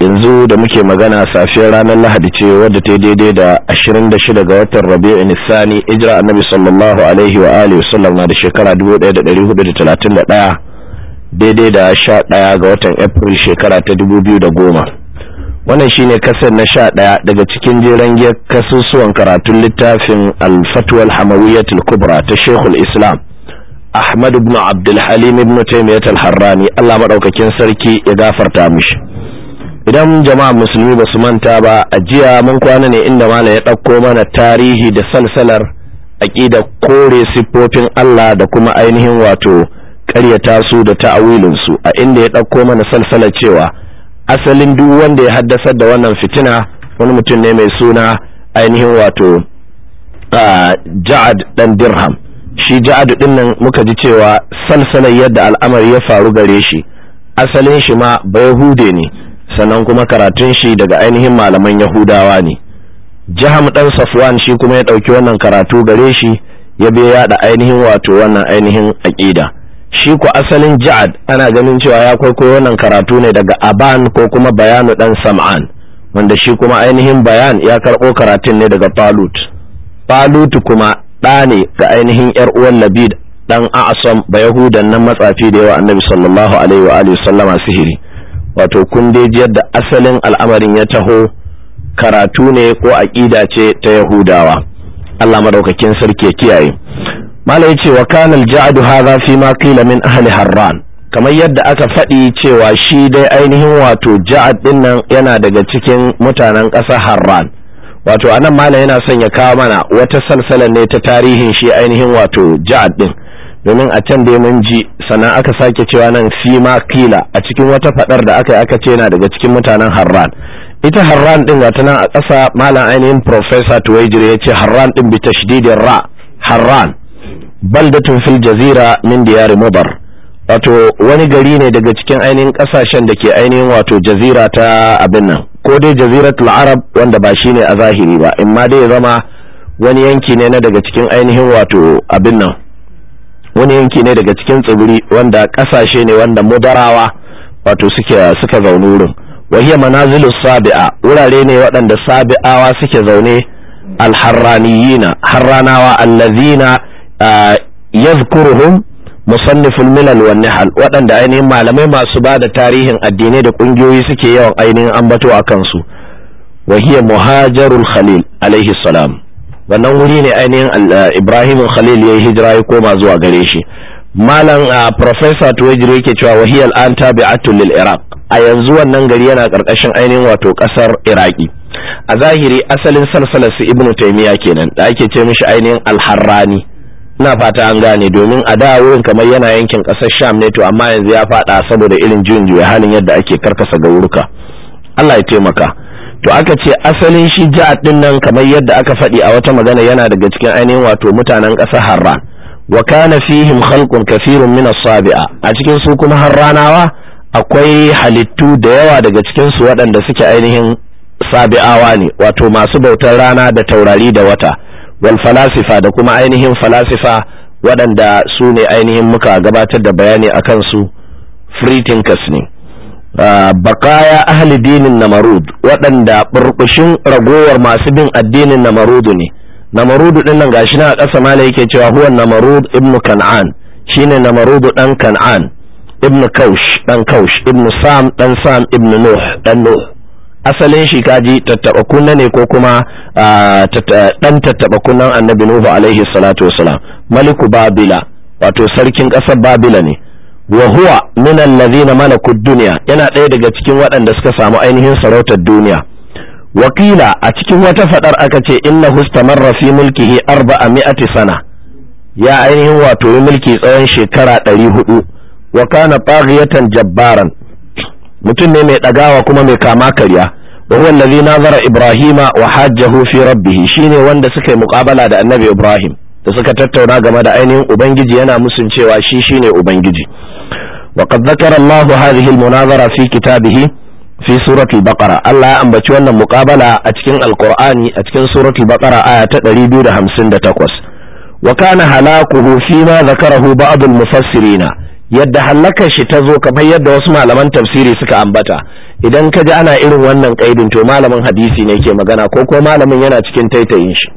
yanzu da muke magana safiyar ranar lahadi ce wadda ta daidai da 26 ga watan rabi'u nisani ijira annabi sallallahu alaihi wa alihi wasallam na da shekara 1431 daidai da 11 ga watan april shekara ta 2010 wannan shine kasar na 11 daga cikin jeren giyar kasusuwan karatun littafin al-fatwa hamawiyyatul kubra ta shekul islam ahmad ibn abdul halim ibn taymiyyah al-harrani Allah madaukakin sarki ya gafarta mishi idan jama'a musulmi ba su manta ba a jiya mun kwana ne inda malam ya ɗauko mana tarihi da salsalar aƙida kore siffofin Allah da kuma ainihin wato ƙaryata su da ta'awilinsu a inda ya ɗauko mana salsalar cewa asalin duk wanda ya haddasar da wannan fitina wani mutum ne mai suna ainihin wato ja'ad dan dirham shi ja'ad din nan muka ji cewa salsalar yadda al'amari ya faru gare shi asalin shi ma bai hude ne sannan kuma karatun shi daga ainihin malaman yahudawa ne jiham ɗan safwan shi kuma ya ɗauki wannan karatu gare shi ya bi yaɗa ainihin wato wannan ainihin aƙida shi ku asalin ja'ad ana ganin cewa ya kwaikwayo wannan karatu ne daga aban ko kuma bayanu dan sam'an wanda shi kuma ainihin bayan ya karɓo karatun ne daga palut palut kuma ɗa ne ga ainihin yar uwan labid dan a'asam ba yahudan nan matsafi da yawa annabi sallallahu alaihi wa alihi sallama sihiri wato kun dai da asalin al'amarin ya taho karatu ne ko aƙida ce ta yahudawa Allah madaukakin sarki ya kiyaye malai ce wa kana al-ja'du hadha fi ma qila min ahli harran kamar yadda aka faɗi cewa shi dai ainihin wato ja'ad din nan yana daga cikin mutanen ƙasar harran wato anan malam yana son ya kawo mana wata salsala ne ta tarihin shi ainihin wato ja'ad din domin a can dai mun ji sannan aka sake cewa nan fi ma kila a cikin wata fadar da aka yi aka ce na daga cikin mutanen harran ita harran din gata nan a ƙasa malam ainihin professor tuwaijir ya ce harran din bi tashdidin ra harran baldatun fil jazira min diyar mudar wato wani gari ne daga cikin ainihin kasashen da ke ainihin wato jazira ta abin nan ko dai jaziratul arab wanda ba shi ne a zahiri ba amma dai ya zama wani yanki ne na daga cikin ainihin wato abin nan wani yanki ne daga cikin tsibiri wanda kasashe ne wanda mudarawa wato suke suka zaune wurin wahiya manazilu sabi'a wurare ne waɗanda sabi'awa suke zaune alharraniyina harranawa allazina yazkuruhum musanniful milal wan nihal waɗanda ainihin malamai masu ba da tarihin addinai da ƙungiyoyi suke yawan ainihin ambato a kansu wahiya muhajarul khalil alaihi salam wannan wuri ne ainihin uh, ibrahim khalil ya yi hijira ya koma zuwa gare shi malam uh, professor tuwajiro yake cewa wahiyal an tabi'atun lil iraq a yanzu wannan gari yana karkashin ainihin wato kasar iraki a zahiri asalin salsalar su ibnu taymiya kenan da ake ce mishi ainihin alharrani ina fata an gane domin a da wurin kamar yana yankin kasar sham ne to amma yanzu ya fada saboda irin juyin halin yadda ake karkasa ga wurka Allah ya taimaka to aka ce asalin shi ja'ad din nan kamar yadda aka faɗi a wata magana yana daga cikin ainihin wato mutanen ƙasa harra wa kana fihim khalqun kathirun min as-sabi'a a cikin su kuma harranawa akwai halittu da yawa daga cikin su waɗanda suke ainihin sabi'awa ne wato masu bautar rana da taurari da wata wal falasifa da kuma ainihin falasifa waɗanda su ne ainihin muka gabatar da bayani akan su free thinkers ne bakaya ahli dinin namarud waɗanda ɓurɓushin ragowar masu bin addinin namarudu ne namarudu din nan gashi na a ƙasa mala yake cewa huwa namarud ibnu kan'an shine namarudu ɗan kan'an ibnu kaush dan kaush ibnu sam dan sam ibnu nuh dan nuh asalin shi kaji tattaba kunna ne ko kuma dan tattaba kunnan annabi nuhu alaihi salatu wasalam maliku babila wato sarkin ƙasar babila ne wa huwa min allazina malakud dunya yana ɗaya daga cikin waɗanda suka samu ainihin sarautar duniya wakila a cikin wata faɗar aka ce inna hustamarra fi mulkihi arba'a mi'ati sana ya ainihin wato mulki tsawon shekara ɗari hudu wa kana jabbaran mutum ne mai ɗagawa kuma mai kama karya wa huwa allazi nazara ibrahima wa hajjahu fi rabbih shine wanda suka yi muqabala da annabi ibrahim da suka tattauna game da ainihin ubangiji yana musun cewa shi shine ubangiji وقد ذكر الله هذه المناظرة في كتابه في سورة البقرة الله أن بتشوان مقابلة أتكن القرآن أتكن سورة البقرة آية تقريبا همسن تقوس وكان هلاكه فيما ذكره بعض المفسرين yadda hallaka shi ta zo kamar yadda wasu malaman tafsiri suka ambata idan ka ji ana irin wannan kaidin to malamin hadisi ne ke magana ko ko malamin yana cikin taitayin shi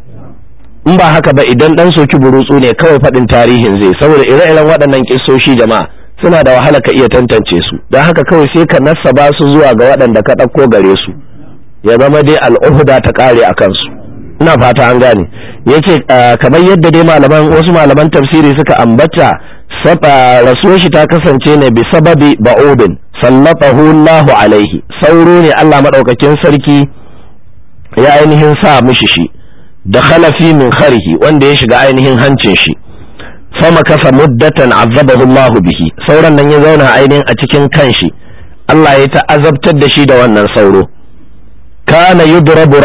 in ba haka ba idan dan soki burutsu ne kawai faɗin tarihin zai saboda ire-iren waɗannan kissoshi jama'a suna da wahala ka iya tantance su don haka kawai sai ka nasaba su zuwa ga waɗanda ka ɗauko gare su ya zama dai al'uhda ta ƙare a kansu ina fata an gane yace kamar yadda dai malaman wasu malaman tafsiri suka ambata rasuwar shi ta kasance ne bi sababi ba'udin sallatahu Allahu alaihi sauro ne Allah madaukakin sarki ya ainihin sa mishi shi da khalafi min kharhi wanda ya shiga ainihin hancin shi fama kasa muddatan azabahu Allah bihi sauran nan ya zauna ainihin a cikin kanshi Allah ya ta'azabtar da shi da wannan sauro kana yudrabu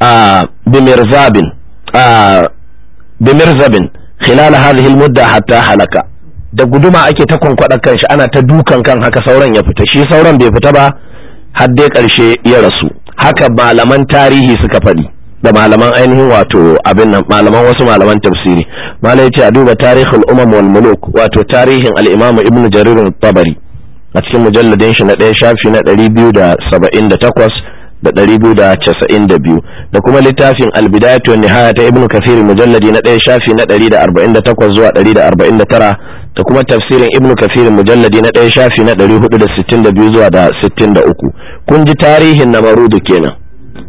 a bimirzabin bimirzabin khilal hadhihi almudda hatta halaka da guduma ake ta kwankwada kanshi ana ta dukan kan haka sauran ya fita shi sauran bai fita ba har dai karshe ya rasu haka malaman tarihi suka faɗi da malaman ainihin wato abin nan malaman wasu malaman tafsiri malai ce a duba tarihin umar wal muluk wato tarihin al'imamu ibnu jaririn tabari a cikin mujalladin shi na ɗaya shafi na 278 da 292 da kuma littafin al-bidayatu wan nihaya ta ibnu kathir mujalladi na ɗaya shafi na 148 zuwa 149 da kuma tafsirin ibnu kathir mujalladi na ɗaya shafi na 462 zuwa da 63 kun ji tarihin namarudu kenan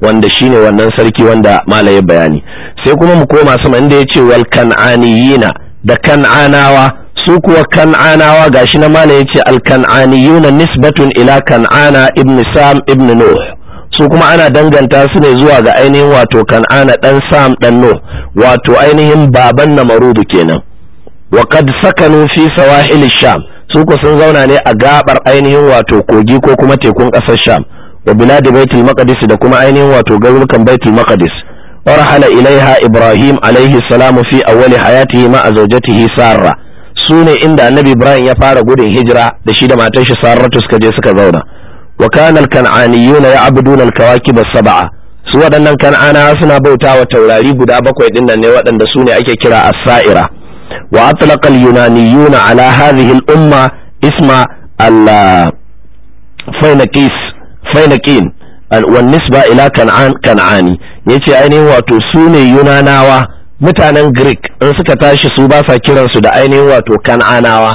wanda shine wannan sarki wanda malaye bayani sai kuma mu koma sama inda ya yace wal kan'aniyina da kan'anawa su kuwa kan'anawa gashi na mala ce al kan'aniyuna nisbatun ila kan'ana ibn sam ibn nuh su kuma ana danganta su ne zuwa ga ainihin wato kan'ana dan sam dan nuh wato ainihin baban na Marudu kenan wa qad sakanu fi sawahil sham su ku sun zauna ne a gabar ainihin wato kogi ko kuma tekun ƙasar sham da biladi baitul maqdis da kuma ainihin wato garurukan baitul maqdis warhala ilaiha ibrahim alaihi salamu fi awwali hayatihi ma zawjatihi sarra sune inda annabi ibrahim ya fara gudun hijira da shi da matar shi sarratu suka je suka zauna wa kana ya ya'buduna alkawakib as-sab'a su waɗannan kan'ana suna bautawa taurari guda bakwai din nan ne waɗanda su ne ake kira as-sa'ira wa atlaqa al-yunaniyuna ala hadhihi al-umma isma al fainakin wan nisba ila kan'an kan'ani ce ainihin wato su ne yunanawa mutanen greek in suka tashi su ba sa kiransu da ainihin wato kan'anawa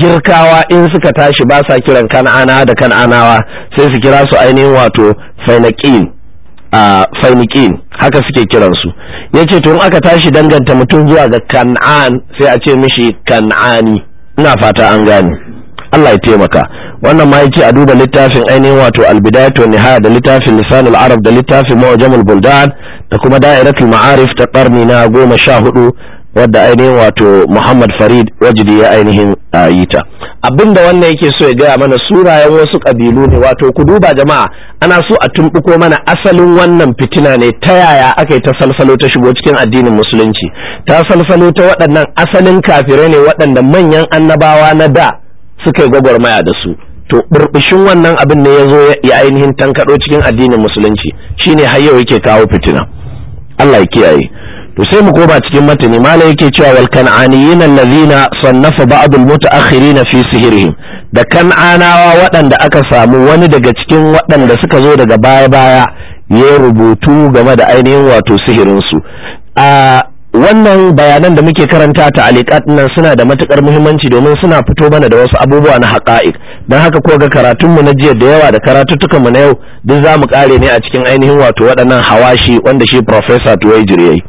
girkawa in suka tashi ba sa kiran kan'ana da kan'anawa sai su kira su ainihin wato fainaƙin a fainikin haka suke kiransu ya ce tun aka tashi danganta mutum zuwa ga kan'an sai a ce mishi kan'ani ina fata an gane Allah ya taimaka wannan ma yace a duba littafin ainihin wato wa nihaya da littafin lisanul arab da littafin al buldan da kuma da'iratul ma'arif ta karni na goma sha hudu wadda ainihin wato muhammad farid Wajdi ya ainihin ayita. abinda wannan yake so ya gaya mana surayen wasu kabilu ne wato ku duba jama'a ana so a tumbuko mana asalin wannan fitina ne ta yaya aka yi ta salsalo ta shigo cikin addinin musulunci ta salsalo ta waɗannan asalin kafirai ne waɗanda manyan annabawa na da suka yi gwagwarmaya da su to burbushin wannan abin ne ya zo ya ainihin tankaɗo cikin addinin musulunci shine har yau yake kawo fitina Allah ya kiyaye to sai mu koma cikin matani mala yake cewa wal kan'aniyina allazina sannafa ba'd al mutaakhirin fi sihrihim da kan'anawa waɗanda aka samu wani daga cikin waɗanda suka zo daga baya baya ya rubutu game da ainihin wato sihirin su a wannan bayanan da muke karanta ta alikat nan suna da matukar muhimmanci domin suna fito mana da wasu abubuwa na haƙa'iq don haka ko ga karatun mu na jiya da yawa da karatuttukan mu na yau duk za mu kare ne a cikin ainihin wato waɗannan hawashi wanda shi professor Tuwaijir yayi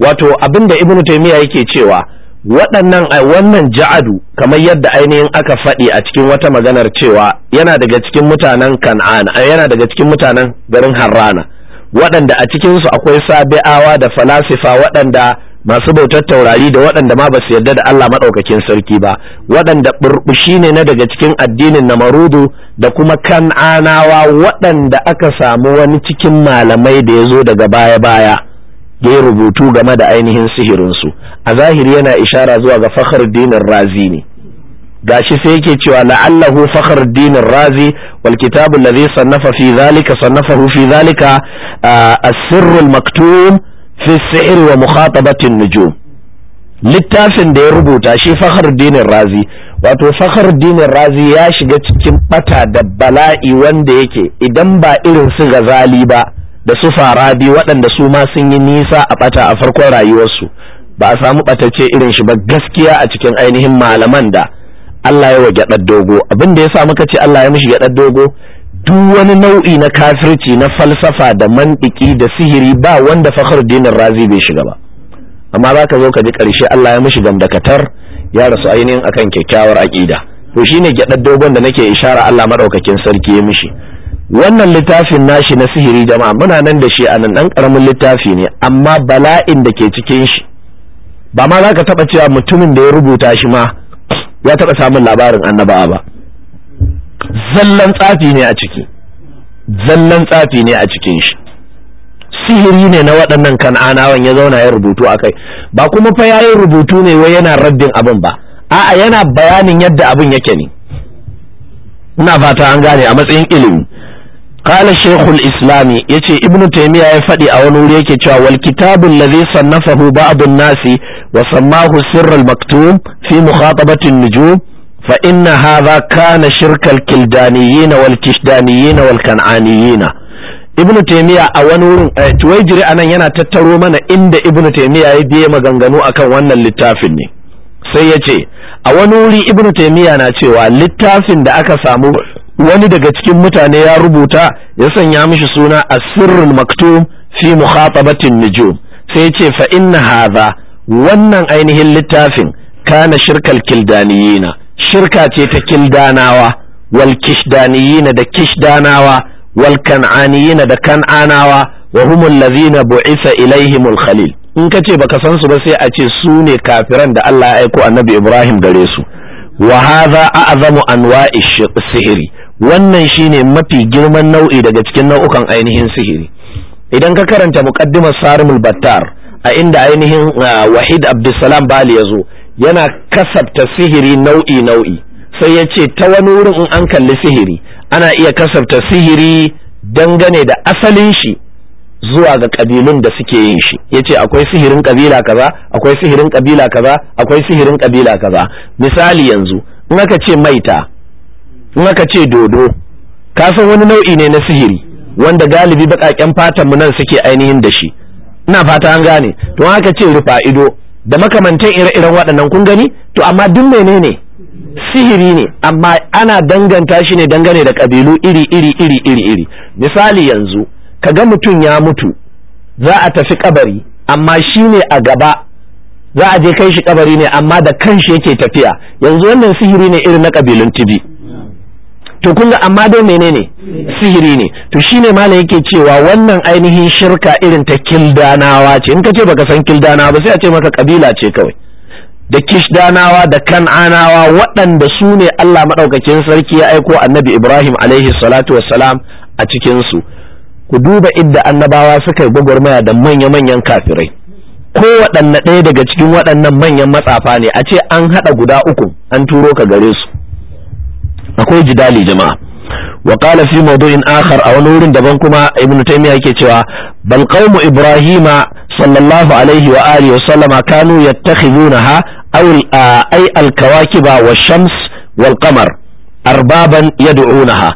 wato abinda ibnu taymiya yake cewa waɗannan wannan ja'adu kamar yadda ainihin aka faɗi a cikin wata maganar cewa yana daga cikin mutanen Kan'ana yana daga cikin mutanen garin Harrana waɗanda a cikinsu akwai sabi'awa da falasifa waɗanda masu bautar taurari da waɗanda ma ba su yarda da Allah maɗaukakin sarki ba waɗanda burbushi ne na daga cikin addinin namarudu da kuma kan'anawa waɗanda aka samu wani cikin malamai da ya zo daga baya-baya ya rubutu game da ainihin sihirinsu a zahiri yana ishara zuwa ga fakhar dinin razi gashi sai yake cewa la'allahu fakhruddin razi wal kitab alladhi sannafa fi dhalika sannafahu fi dhalika as-sirr al-maktum fi as-sihr wa mukhatabat an-nujum littafin da ya rubuta shi dinin razi wato dinin razi ya shiga cikin bata da bala'i wanda yake idan ba irin su gazali ba da su farabi waɗanda su ma sun yi nisa a bata a farkon rayuwarsu ba a samu ɓatacce irin shi ba gaskiya a cikin ainihin malaman da Allah ya wa gyaɗar dogo abin da ya sa muka ce Allah ya mishi gyaɗar dogo duk wani nau'i na kafirci na falsafa da mantiki da sihiri ba wanda dinin razi bai shiga ba amma za ka zo ka ji ƙarshe Allah ya mishi gamdakatar ya rasu ainihin akan kyakkyawar aƙida to shine gyaɗar dogon da nake ishara Allah maɗaukakin sarki ya mishi wannan littafin nashi na sihiri jama'a muna nan da shi a nan ɗan ƙaramin littafi ne amma bala'in da ke cikin shi ba ma za ka taɓa cewa mutumin da ya rubuta shi ma ya taɓa samun labarin annaba'a ba zallan tsafi ne a ciki zallan tsafi ne a cikin shi sihiri ne na waɗannan kan'anawan ya zauna ya rubutu a kai ba kuma fa yayin rubutu ne wai yana raddin abin ba a'a yana bayanin yadda abin yake ne ina fata an gane a matsayin ilimi qala shaykhul islami yace ibnu taymiya ya faɗi a wani wuri yake cewa wal kitabul ladhi sannafahu nasi wa sammahu sirr maktum fi mukhatabati an-nujum fa inna hadha kana shirkal kildaniyin wal a wani eh, anan yana tattaro mana inda ibnu taymiya ya biye ganganu akan wannan littafin ne sai yace a wani wuri ibnu taymiya na cewa littafin da aka samu wani daga cikin mutane ya rubuta ya sanya mishi suna asirrul maktum fi mukhatabatin nujum sai ya ce fa inna hadha wannan ainihin littafin kana shirkal kildaniyina shirka ce ta kildanawa wal kishdaniyina da kishdanawa wal kan'aniyina da kan'anawa wa humul ladhina bu'isa ilaihimul khalil in ka ce baka san su ba sai a ce su ne kafiran da Allah ya aiko annabi Ibrahim gare su wa hadha a'zamu anwa'i sihiri wannan shine mafi girman nau'i daga cikin nau'ukan ainihin sihiri idan ka karanta muqaddimar sarimul battar a inda ainihin wahid abdulsalam bali ya zo yana kasabta sihiri nau'i nau'i sai ya ce ta wani wurin in an kalli sihiri ana iya kasabta sihiri dangane da asalin shi zuwa ga ƙabilun da suke yin shi ya ce akwai sihirin kabila kaza akwai sihirin kabila kaza akwai sihirin kabila kaza misali yanzu in aka ce maita in aka ce dodo ka san wani nau'i ne na sihiri wanda galibi baƙaƙen fatan mu nan suke ainihin da shi ina fata an gane to haka ce rufa ido da makamantan ire-iren waɗannan kun gani to amma duk menene sihiri ne amma ana danganta shi ne dangane da ƙabilu iri iri iri iri iri misali yanzu ka ga mutum ya mutu za a tafi kabari amma shi a gaba za a je kai shi kabari ne amma da kanshi yake tafiya yanzu wannan sihiri ne irin na ƙabilun tibi to kunga amma dai menene sihiri ne to shine malam yake cewa wannan ainihin shirka irin ta kildanawa ce in kace baka san kildanawa ba sai a ce maka kabila ce kawai da kishdanawa da kan'anawa waɗanda su ne Allah maɗaukakin sarki ya aiko annabi Ibrahim alaihi salatu wassalam a cikinsu ku duba idda annabawa suka yi gwagwarmaya da manya-manyan kafirai ko waɗanne ɗaya daga cikin waɗannan manyan matsafa ne a ce an haɗa guda uku an turo ka gare su akwai jidali jama'a wa qala fi mawdu'in akhar a wani wurin daban kuma ibnu taymiya yake cewa bal qaumu ibrahima sallallahu alaihi wa alihi wa sallama kanu yattakhidunaha aw ay al kawakiba wa shams wal qamar arbaban yad'unaha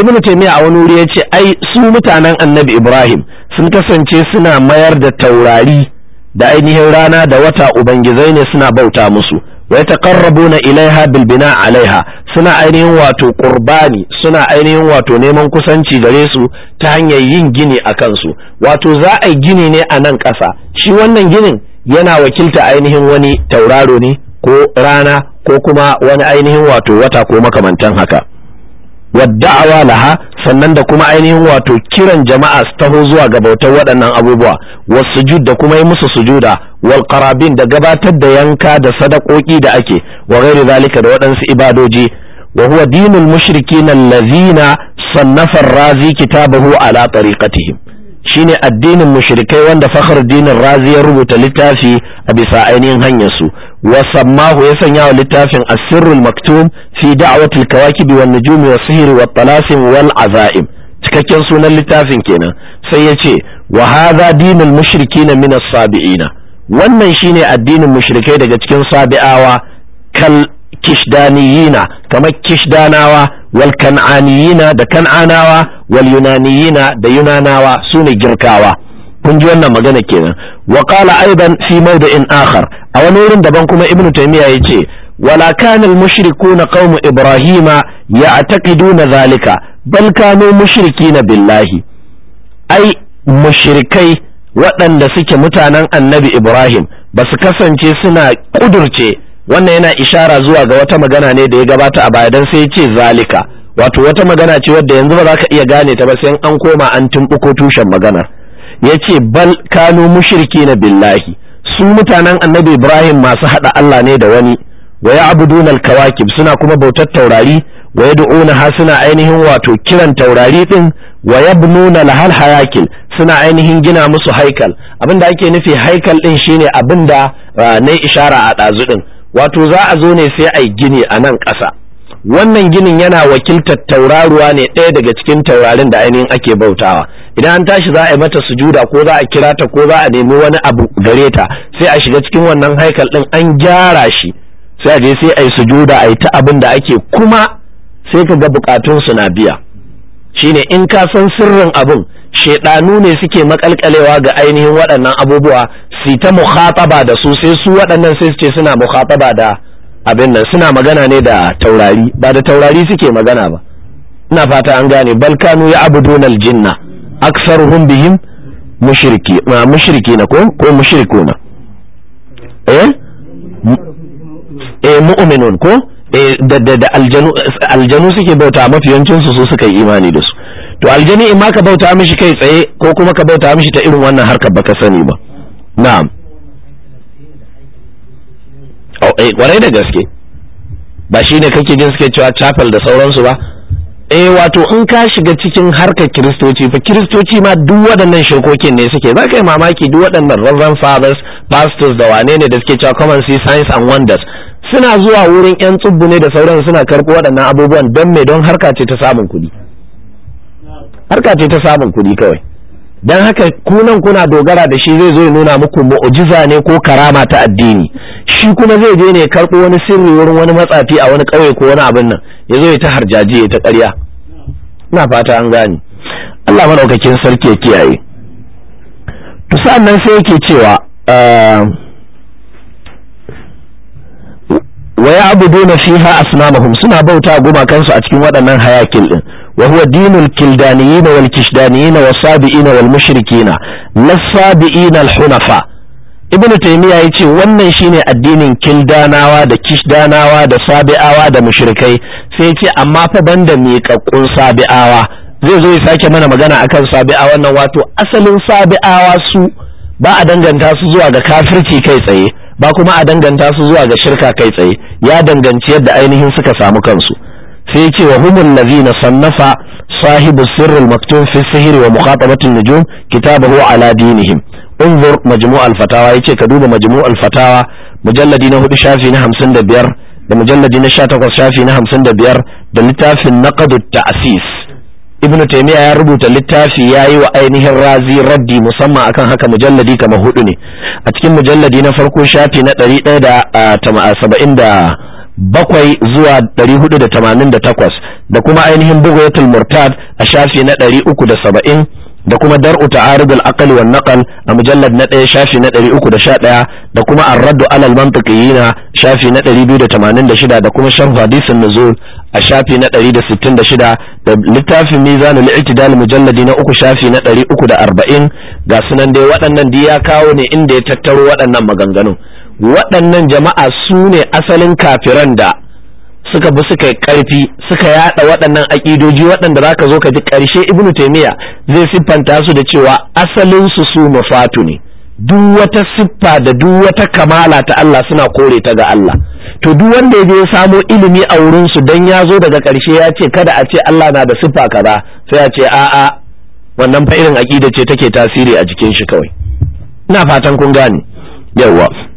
ibnu taymiya a wani wuri yace ai su mutanen annabi ibrahim sun kasance suna mayar da taurari da ainihin rana da wata ubangizai ne suna bauta musu wa yataqarrabuna ilaiha bil bina alaiha suna ainihin wato qurbani suna ainihin wato neman kusanci gare su ta hanyar yin gini a kansu wato za a yi gini ne a nan ƙasa shi wannan ginin yana wakilta ainihin wani tauraro ne ko rana ko kuma wani ainihin wato wata ko makamantan haka wadda'awa laha sannan da kuma ainihin wato kiran jama'a su taho zuwa ga bautar waɗannan abubuwa wasujud da kuma yi musu sujuda wal qarabin da gabatar da yanka da sadakoki da ake wa ghairi zalika da waɗansu ibadoji wa huwa dinul mushrikin allazina sannafa razi kitabahu ala tariqatihim shine addinin mushrikai wanda dinin Razi ya rubuta littafi a bisa ainihin hanyar su wa sammahu ya sanya wa littafin Asirrul Maktum fi da'wati al-kawakib wan nujum wa sihr wa talasim wal azaim cikakken sunan littafin kenan sai ya ce wa hadha dinul mushrikin min as-sabiina wannan shine addinin mushrikai daga cikin sabi'awa kal kishdaniyina kamar kishdanawa wal kan'aniyina da kan'anawa wal yunaniyina da yunanawa su ne girkawa kun ji wannan magana kenan wa qala aidan fi mawdi'in akhar a wani wurin daban kuma ibnu taymiya yace wala kana al mushrikuna qaum ibrahima ya'taqiduna zalika bal kanu mushrikina billahi ai mushrikai waɗanda suke mutanen annabi ibrahim ba su kasance suna ƙudurce wannan yana ishara zuwa ga wata magana ne da ya gabata a baya dan sai ya ce zalika wato wata magana ce wadda yanzu ba za ka iya gane ta ba sai an koma an tumɓuko tushen magana ya ce bal kanu mushriki na billahi su mutanen annabi ibrahim masu haɗa allah ne da wani wa ya abudun kawakib suna kuma bautar taurari wa ya ha suna ainihin wato kiran taurari ɗin wa ya lahal hayakil suna ainihin gina musu haikal abinda ake nufi haikal ɗin shine abinda ah, na ishara a ɗazu ɗin wato za a zo ne sai a yi gini a nan ƙasa wannan ginin yana wakiltar tauraruwa ne ɗaya daga cikin taurarin da ainihin ake bautawa idan an tashi za a yi mata sujuda ko za a kira ta ko za a nemi wani abu gare ta sai a shiga cikin wannan haikal ɗin an gyara shi sai a je sai a yi sujuda a yi ta abin da ake kuma sai ka ga bukatunsu na biya shine in ka san sirrin abin shaidanu ne suke makalkalewa ga ainihin waɗannan abubuwa su ta mukhataba da su sai su waɗannan sai su ce suna mukhataba da abin nan suna magana ne da taurari ba da taurari suke magana ba ina fata an gane bal kanu ya abudun jinna aksaruhum bihim mushriki ma mushriki na ko ko mushriku na eh eh mu'minun ko eh da da aljanu aljanu suke bauta mafiyancin su su suka yi imani da su to aljani in ma ka bauta mishi kai tsaye ko kuma ka bauta mishi ta irin wannan harkar baka sani ba na'am oh, eh, kwarai da gaske ba shi ne kake jin suke cewa chapel da sauransu ba eh wato in ka shiga cikin harkar kiristoci fa kiristoci ma duk waɗannan shekokin ne suke zaka yi mamaki duk waɗannan reverend fathers pastors da wane ne da suke cewa common see signs and wonders suna zuwa wurin yan tsubbu ne da sauran suna karɓo waɗannan abubuwan don me don harka ce ta samun kuɗi harka ce ta samun kuɗi kawai dan haka kunan kuna dogara da shi zai zo ya nuna muku mu'jiza ne ko karama ta addini shi kuma zai je ne ya karɓo wani sirri wurin wani matsafi a wani ƙauye ko wani abin nan ya zo ya ta harjaji ya ta ƙarya ina fata an gane Allah madaukakin sarki ya kiyaye to sannan sai yake cewa ah, wa ya'buduna fiha asnamahum suna bauta gumakansu a cikin waɗannan hayakin din وهو دين الكلدانيين والكشدانيين والصابئين والمشركين للصابئين الحنفاء ابن تيمية يتي wannan shine addinin kildanawa da kishdanawa da sabi'awa da mushrikai sai yace amma fa banda miƙaƙƙun sabi'awa zai zo ya sake mana magana akan sabi'awa nan wato asalin sabi'awa su ba a danganta su zuwa ga kafirci kai tsaye ba kuma a danganta su zuwa ga shirka kai tsaye ya danganci yadda ainihin suka samu kansu sai ce wa humul na sannafa sahibu sirrul maktub fi sihri wa mukhatabatin nujum kitabahu ala dinihim unzur majmu' al-fatawa yace ka duba majmu' al-fatawa mujalladi na 4 shafi na 55 da mujalladi na 18 shafi na 55 da littafin naqd at-ta'sis ibn taymiya ya rubuta littafi yayi wa ainihin razi raddi musamman akan haka mujalladi kama hudu ne a cikin mujalladi na farko shafi na 170 bakwai zuwa hudu da tamanin da da takwas kuma ainihin bugayatul murtad a shafi na uku da saba'in da kuma dar'u ta'aridul aql wan naqal a mujallad na ɗaya shafi na uku da sha ɗaya da kuma ar-raddu alal mantiqiyina shafi na biyu da tamanin da da shida kuma sharh hadisin nuzul a shafi na 166 da sittin da da shida littafin mizanul i'tidal mujalladi na uku shafi na uku da arba'in ga sunan dai waɗannan dai ya kawo ne inda ya tattaro waɗannan maganganun waɗannan jama'a su ne asalin kafiran da suka bi suka yi ƙarfi suka yaɗa waɗannan aƙidoji waɗanda za ka zo ka ji ƙarshe ibnu taimiyya zai siffanta su da cewa asalinsu su mafatu ne duk wata siffa da duk wata kamala ta Allah suna kore ta ga Allah to duk wanda ya je samo ilimi a wurin su dan ya zo daga ƙarshe ya ce kada a ce Allah na da siffa kaza sai a ce a'a wannan fa irin aƙida ce take tasiri a jikin shi kawai ina fatan kun gane yawwa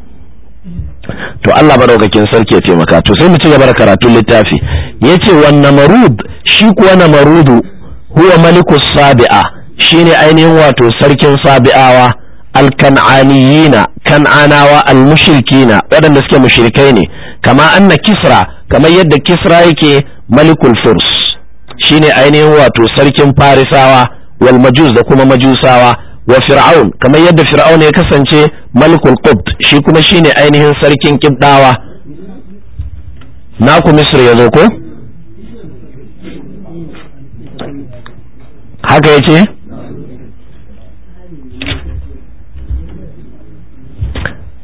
to Allah madaukakin sarki ya taimaka to sai mu ci gaba da karatun littafi yace wan namarud shi kuwa namarudu huwa maliku sabi'a shine ainihin wato sarkin sabi'awa alkan'aniyina kan'anawa almushrikina waɗanda suke mushrikai ne kama anna kisra kamar yadda kisra yake malikul furs shine ainihin wato sarkin farisawa wal majus da kuma majusawa wa fir'aun kamar yadda fir'aun ya kasance malikul qubt shi kuma shine ainihin sarkin kibdawa naku misr ya zo ko haka yace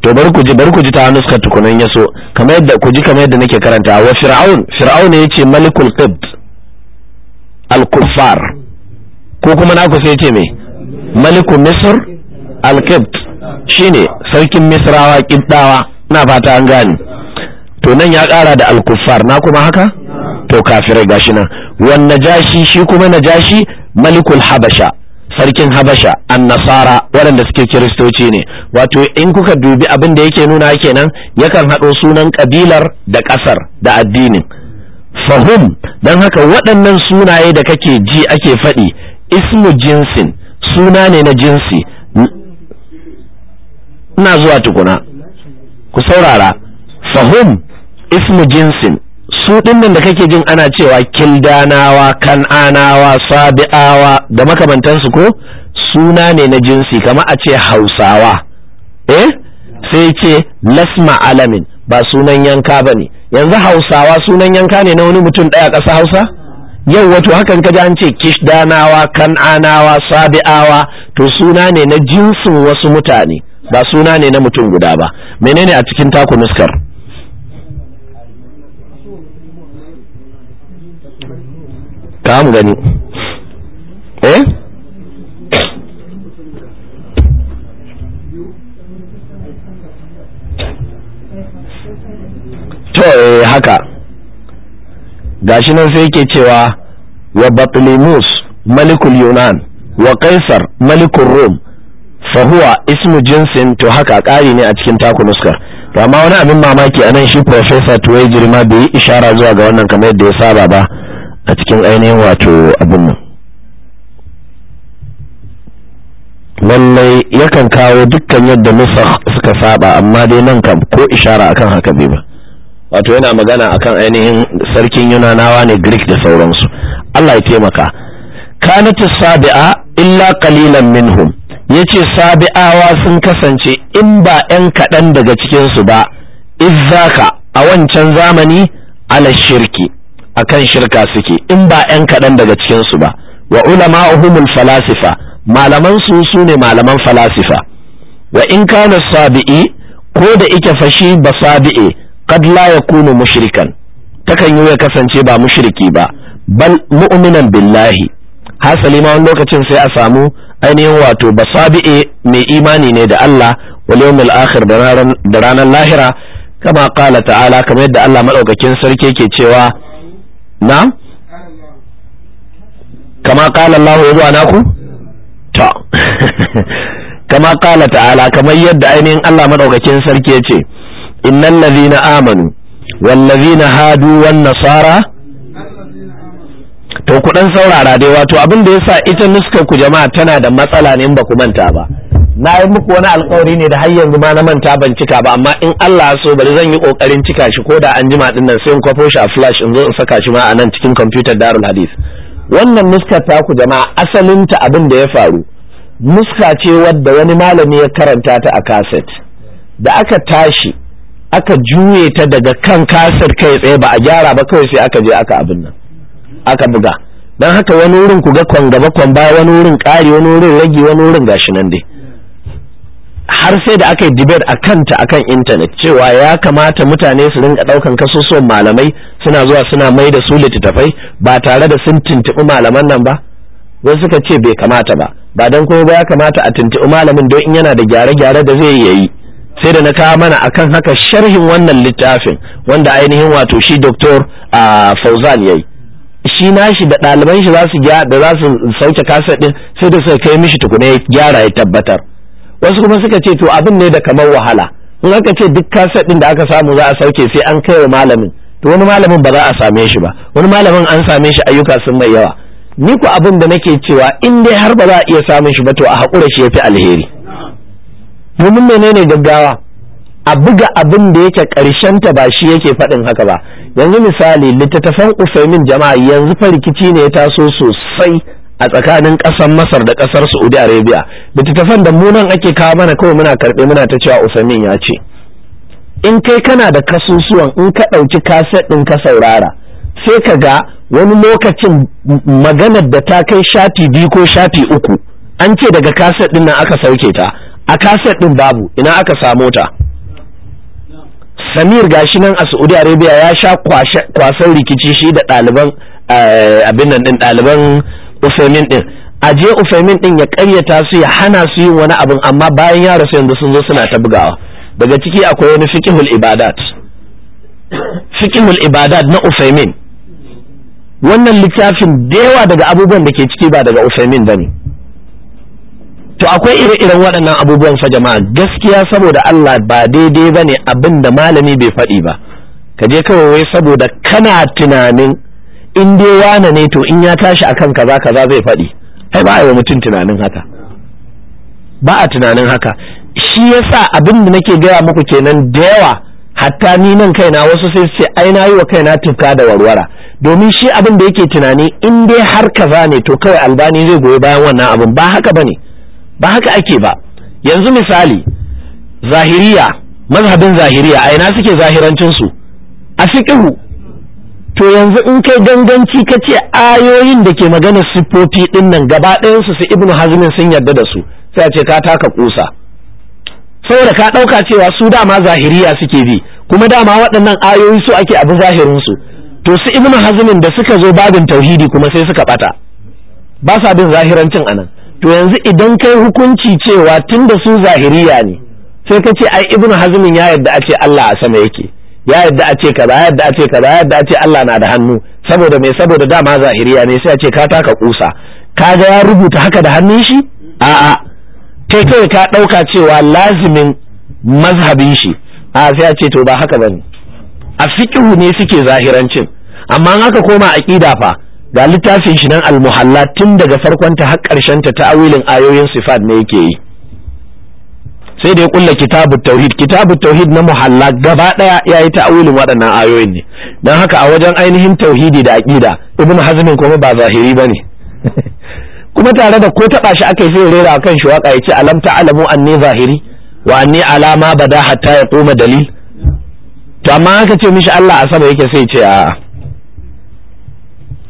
to bar ku ji bar ku ji ta nuskar tukunan yaso kamar yadda ku ji kamar yadda nake karanta wa fir'aun fir'aun yace malikul qubt al kuffar ko kuma naku sai yace me maliku misr alkibt shine sarkin misrawa kibdawa na fata an gane to nan ya kara da alkuffar na kuma haka to kafirai gashi nan wan najashi shi kuma najashi malikul habasha sarkin habasha annasara waɗanda suke kiristoci ne wato in kuka dubi abin da yake nuna kenan yakan haɗo sunan kabilar da ƙasar da addinin fahum don haka waɗannan sunaye da kake ji ake faɗi ismu jinsin suna ne na jinsi ina zuwa tukuna ku saurara fahum ismu jinsin su dinnan da kake jin ana cewa kildanawa kan'anawa sabi'awa da makamantansu ko suna ne na jinsi kama a ce hausawa eh sai ce lasma alamin ba sunan yanka ba ne yanzu hausawa sunan yanka ne na wani mutum ɗaya ƙasa hausa yau wato hakan kaji an ce kishdanawa kan'anawa sabi'awa to suna ne na jinsin wasu mutane ba suna ne na mutum guda ba menene a cikin taku nuskar ka mu gani eh to eh, haka gashi nan sai yake cewa wa batlimus malikul yunan wa kaisar malikul rom fahuwa ismu jinsin to haka ƙari ne a cikin taku nuskar to amma wani abin mamaki a nan shi professor tuwai jirma bai yi ishara zuwa ga wannan kamar yadda ya saba ba a cikin ainihin wato abin nan lallai yakan kawo dukkan yadda nusa suka saba amma dai nan kam ko ishara akan haka bai ba wato yana magana akan ainihin sarkin yunanawa ne greek da sauransu allah ya taimaka kanatu sabi'a illa qalilan minhum yace sabi'awa sun kasance in ba 'yan kaɗan daga cikinsu ba izzaka a wancan zamani ala shirki akan shirka suke in ba 'yan kaɗan daga cikin su ba wa ulama'uhumul falasifa malaman su su malaman falasifa wa in kana sabi'i ko da ike fashi ba sabi'i kad la yakunu mushrikan takan yi ya kasance ba mushriki ba bal mu'minan billahi hasali ma wani lokacin sai a samu ainihin wato basabi'e mai imani ne da Allah wal yawmil akhir da ranar lahira kama kala ta'ala kamar yadda Allah madaukakin sarki ke cewa na kama kala Allah ya zuwa naku ta kama kala ta'ala kamar yadda ainihin Allah madaukakin sarki ya ce innal ladhina amanu wallazina hadu wan nasara to ku dan saurara dai wato abin da yasa ita nuskar ku jama'a tana da matsala ne in ba ku manta ba na yi muku wani alkawari ne da har yanzu ma na manta ban cika ba amma in Allah so bari zan yi kokarin cika shi ko da an jima din nan sai in kwafo shi a flash in zo in saka shi ma a nan cikin computer darul hadith wannan nuskar ta ku jama'a asalin ta abin da ya faru nuska ce wadda wani malami ya karanta ta a kaset da aka tashi aka juye ta daga kan kasar kai tsaye ba a gyara ba kawai sai aka je aka abin nan aka buga don haka wani wurin ku ga kwan gaba kwan wani wurin ƙari wani wurin rage wani wurin gashi nan dai har sai da aka yi debate a kanta akan intanet cewa ya kamata mutane su rinka ɗaukan kasusuwan malamai suna zuwa suna mai da su littattafai ba tare da sun tuntuɓi malaman nan ba wasu suka ce bai kamata ba ba don kuma ba ya kamata a tuntuɓi malamin don in yana da gyare-gyare da zai yi. sai da na kawo mana akan haka sharhin wannan littafin wanda ainihin wato shi doktor a fauzan yayi shi nashi da ɗaliban shi za su da za su sauke kaset ɗin sai da suka kai mishi tukuna ya gyara ya tabbatar wasu kuma suka ce to abin ne da kamar wahala in aka ce duk kaset ɗin da aka samu za a sauke sai an kai wa malamin to wani malamin ba za a same shi ba wani malamin an same shi ayyuka sun mai yawa ni ku abin da nake cewa in dai har ba za a iya samun shi ba to a haƙura shi ya fi alheri domin menene gaggawa a buga abin da yake ta ba shi yake faɗin haka ba yanzu misali littattafan usaimin jama'a yanzu fa rikici ne ya taso sosai a tsakanin ƙasar masar da ƙasar saudi arabia littattafan da mu nan ake kawo mana kawai muna karɓe muna ta cewa usaimin ya ce in kai kana da kasusuwan in ka ɗauki kaset ɗin ka saurara sai ka ga wani lokacin maganar da ta kai shati biyu ko shati uku an ce daga kaset ɗin nan aka sauke ta a kaset ɗin babu ina aka samo ta samir gashi nan a saudi arabia ya sha kwasan rikici shi da ɗaliban eh, abin nan ɗin ɗaliban ufemin ɗin a je ufemin ɗin ya karyata su ya hana su yin wani abin amma bayan ya rasu yanzu sun zo suna ta bugawa daga ciki akwai wani fikihul ibadat fikihul ibadat na ufemin wannan littafin da yawa daga abubuwan da ke ciki ba daga ufemin ba ne to akwai ire-iren waɗannan abubuwan fa jama'a gaskiya saboda Allah ba daidai ba ne abin da malami bai faɗi ba ka je kawai wai saboda kana tunanin in dai wane ne to in ya tashi akan kaza kaza zai faɗi ai ba a yi wa mutum tunanin haka ba a tunanin haka shi yasa abin da nake gaya muku kenan da yawa hatta ni nan kaina wasu sai ce ai na yi wa kaina tuka da warwara domin shi abin da yake tunani in dai har kaza ne to kawai albani zai goyi bayan wannan abin ba haka bane ba haka ake ba yanzu misali zahiriya mazhabin zahiriya a ina suke zahirancinsu a fiƙihu to yanzu in kai ganganci ka ce ayoyin da ke magana siffofi ɗin nan gaba ɗayansu su ibnu hazmin sun yarda da su sai a ce ka taka kusa saboda ka ɗauka cewa su dama zahiriya suke bi kuma dama waɗannan ayoyi su ake abu zahirinsu to su ibnu hazmin da suka zo babin tauhidi kuma sai suka ɓata ba sa bin zahirancin anan to yanzu idan kai hukunci cewa tun da su zahiriya ne sai ka ce ai ibnu hazmin ya yadda a ce Allah a sama yake ya yadda a ce kaza ya yadda a ce kaza ya yadda a ce Allah na da hannu saboda me saboda dama zahiriya ne sai a ce ka taka kusa kaga ya rubuta haka da hannun shi a'a kai kai ka dauka cewa lazimin mazhabin shi a sai a ce to ba haka bane a fiqhu ne suke zahirancin amma in aka koma aqida fa ga littafin shi nan almuhalla tun daga farkon ta har ta ta'awilin ayoyin sifat ne yake yi sai da ya kulla kitabu tauhid kitabu tauhid na muhalla gaba daya yayi ta'awilin waɗannan ayoyin ne dan haka a wajen ainihin tauhidi da aqida ibnu hazmin kuma ba zahiri bane kuma tare da ko taba shi aka yi sai rera kan shi waka yace alam ta'lamu anni zahiri wa anni alama bada hatta ya koma dalil to amma aka ce mishi Allah a sama yake sai ce a'a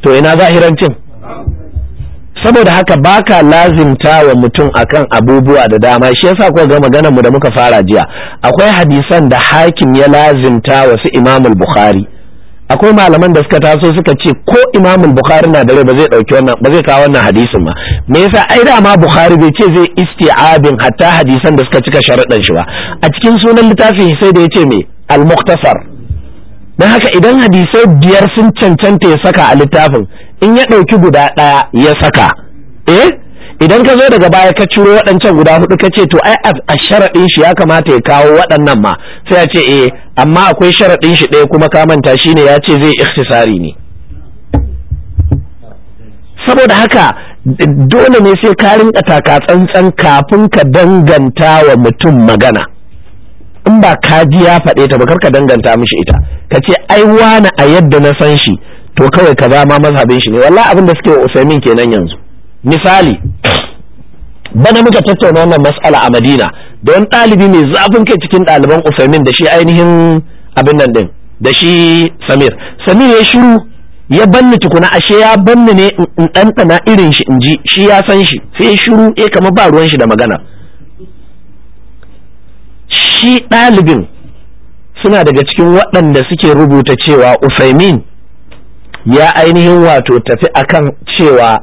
to ina zahirancin saboda haka baka lazimta wa mutum akan abubuwa da dama shi yasa kuka ga maganar mu da muka fara jiya akwai hadisan da hakim ya lazimta wa su Imam Bukhari akwai malaman da suka taso suka ce ko Imam Bukhari na dare ba zai dauki wannan ba zai kawo wannan hadisin ba me yasa ai da ma Bukhari bai ce zai isti'abin hatta hadisan da suka cika sharaɗan shi ba a cikin sunan littafin sai da ya ce me al-mukhtasar don haka idan hadisai biyar sun cancanta ya saka a littafin in ya ɗauki guda ɗaya ya saka eh idan ka zo daga baya ka ciro waɗancan guda hudu ka ce to ai a sharaɗin shi ya kamata ya kawo waɗannan ma sai ya ce eh amma akwai sharaɗin shi ɗaya kuma ka manta shi ne ya ce zai ikhtisari ne saboda haka dole ne sai ka rinka taka tsantsan kafin ka danganta wa mutum magana in ba ka ji ya faɗe ta ba karka danganta mishi ita ka ce ai wani a yadda na san shi to kawai ka zama mazhabin shi ne wallahi abin da suke wa usaimin kenan yanzu misali bana muka tattauna wannan mas'ala a madina don ɗalibi mai zafin kai cikin ɗaliban usaimin da shi ainihin abin nan din da shi samir samir ya shiru ya banni tukuna ashe ya banni ne in ɗanɗana irin shi in ji shi ya san shi sai ya shiru eh kamar ba ruwan shi da magana shi ɗalibin suna daga cikin waɗanda suke rubuta cewa usaimin ya ainihin wato tafi akan cewa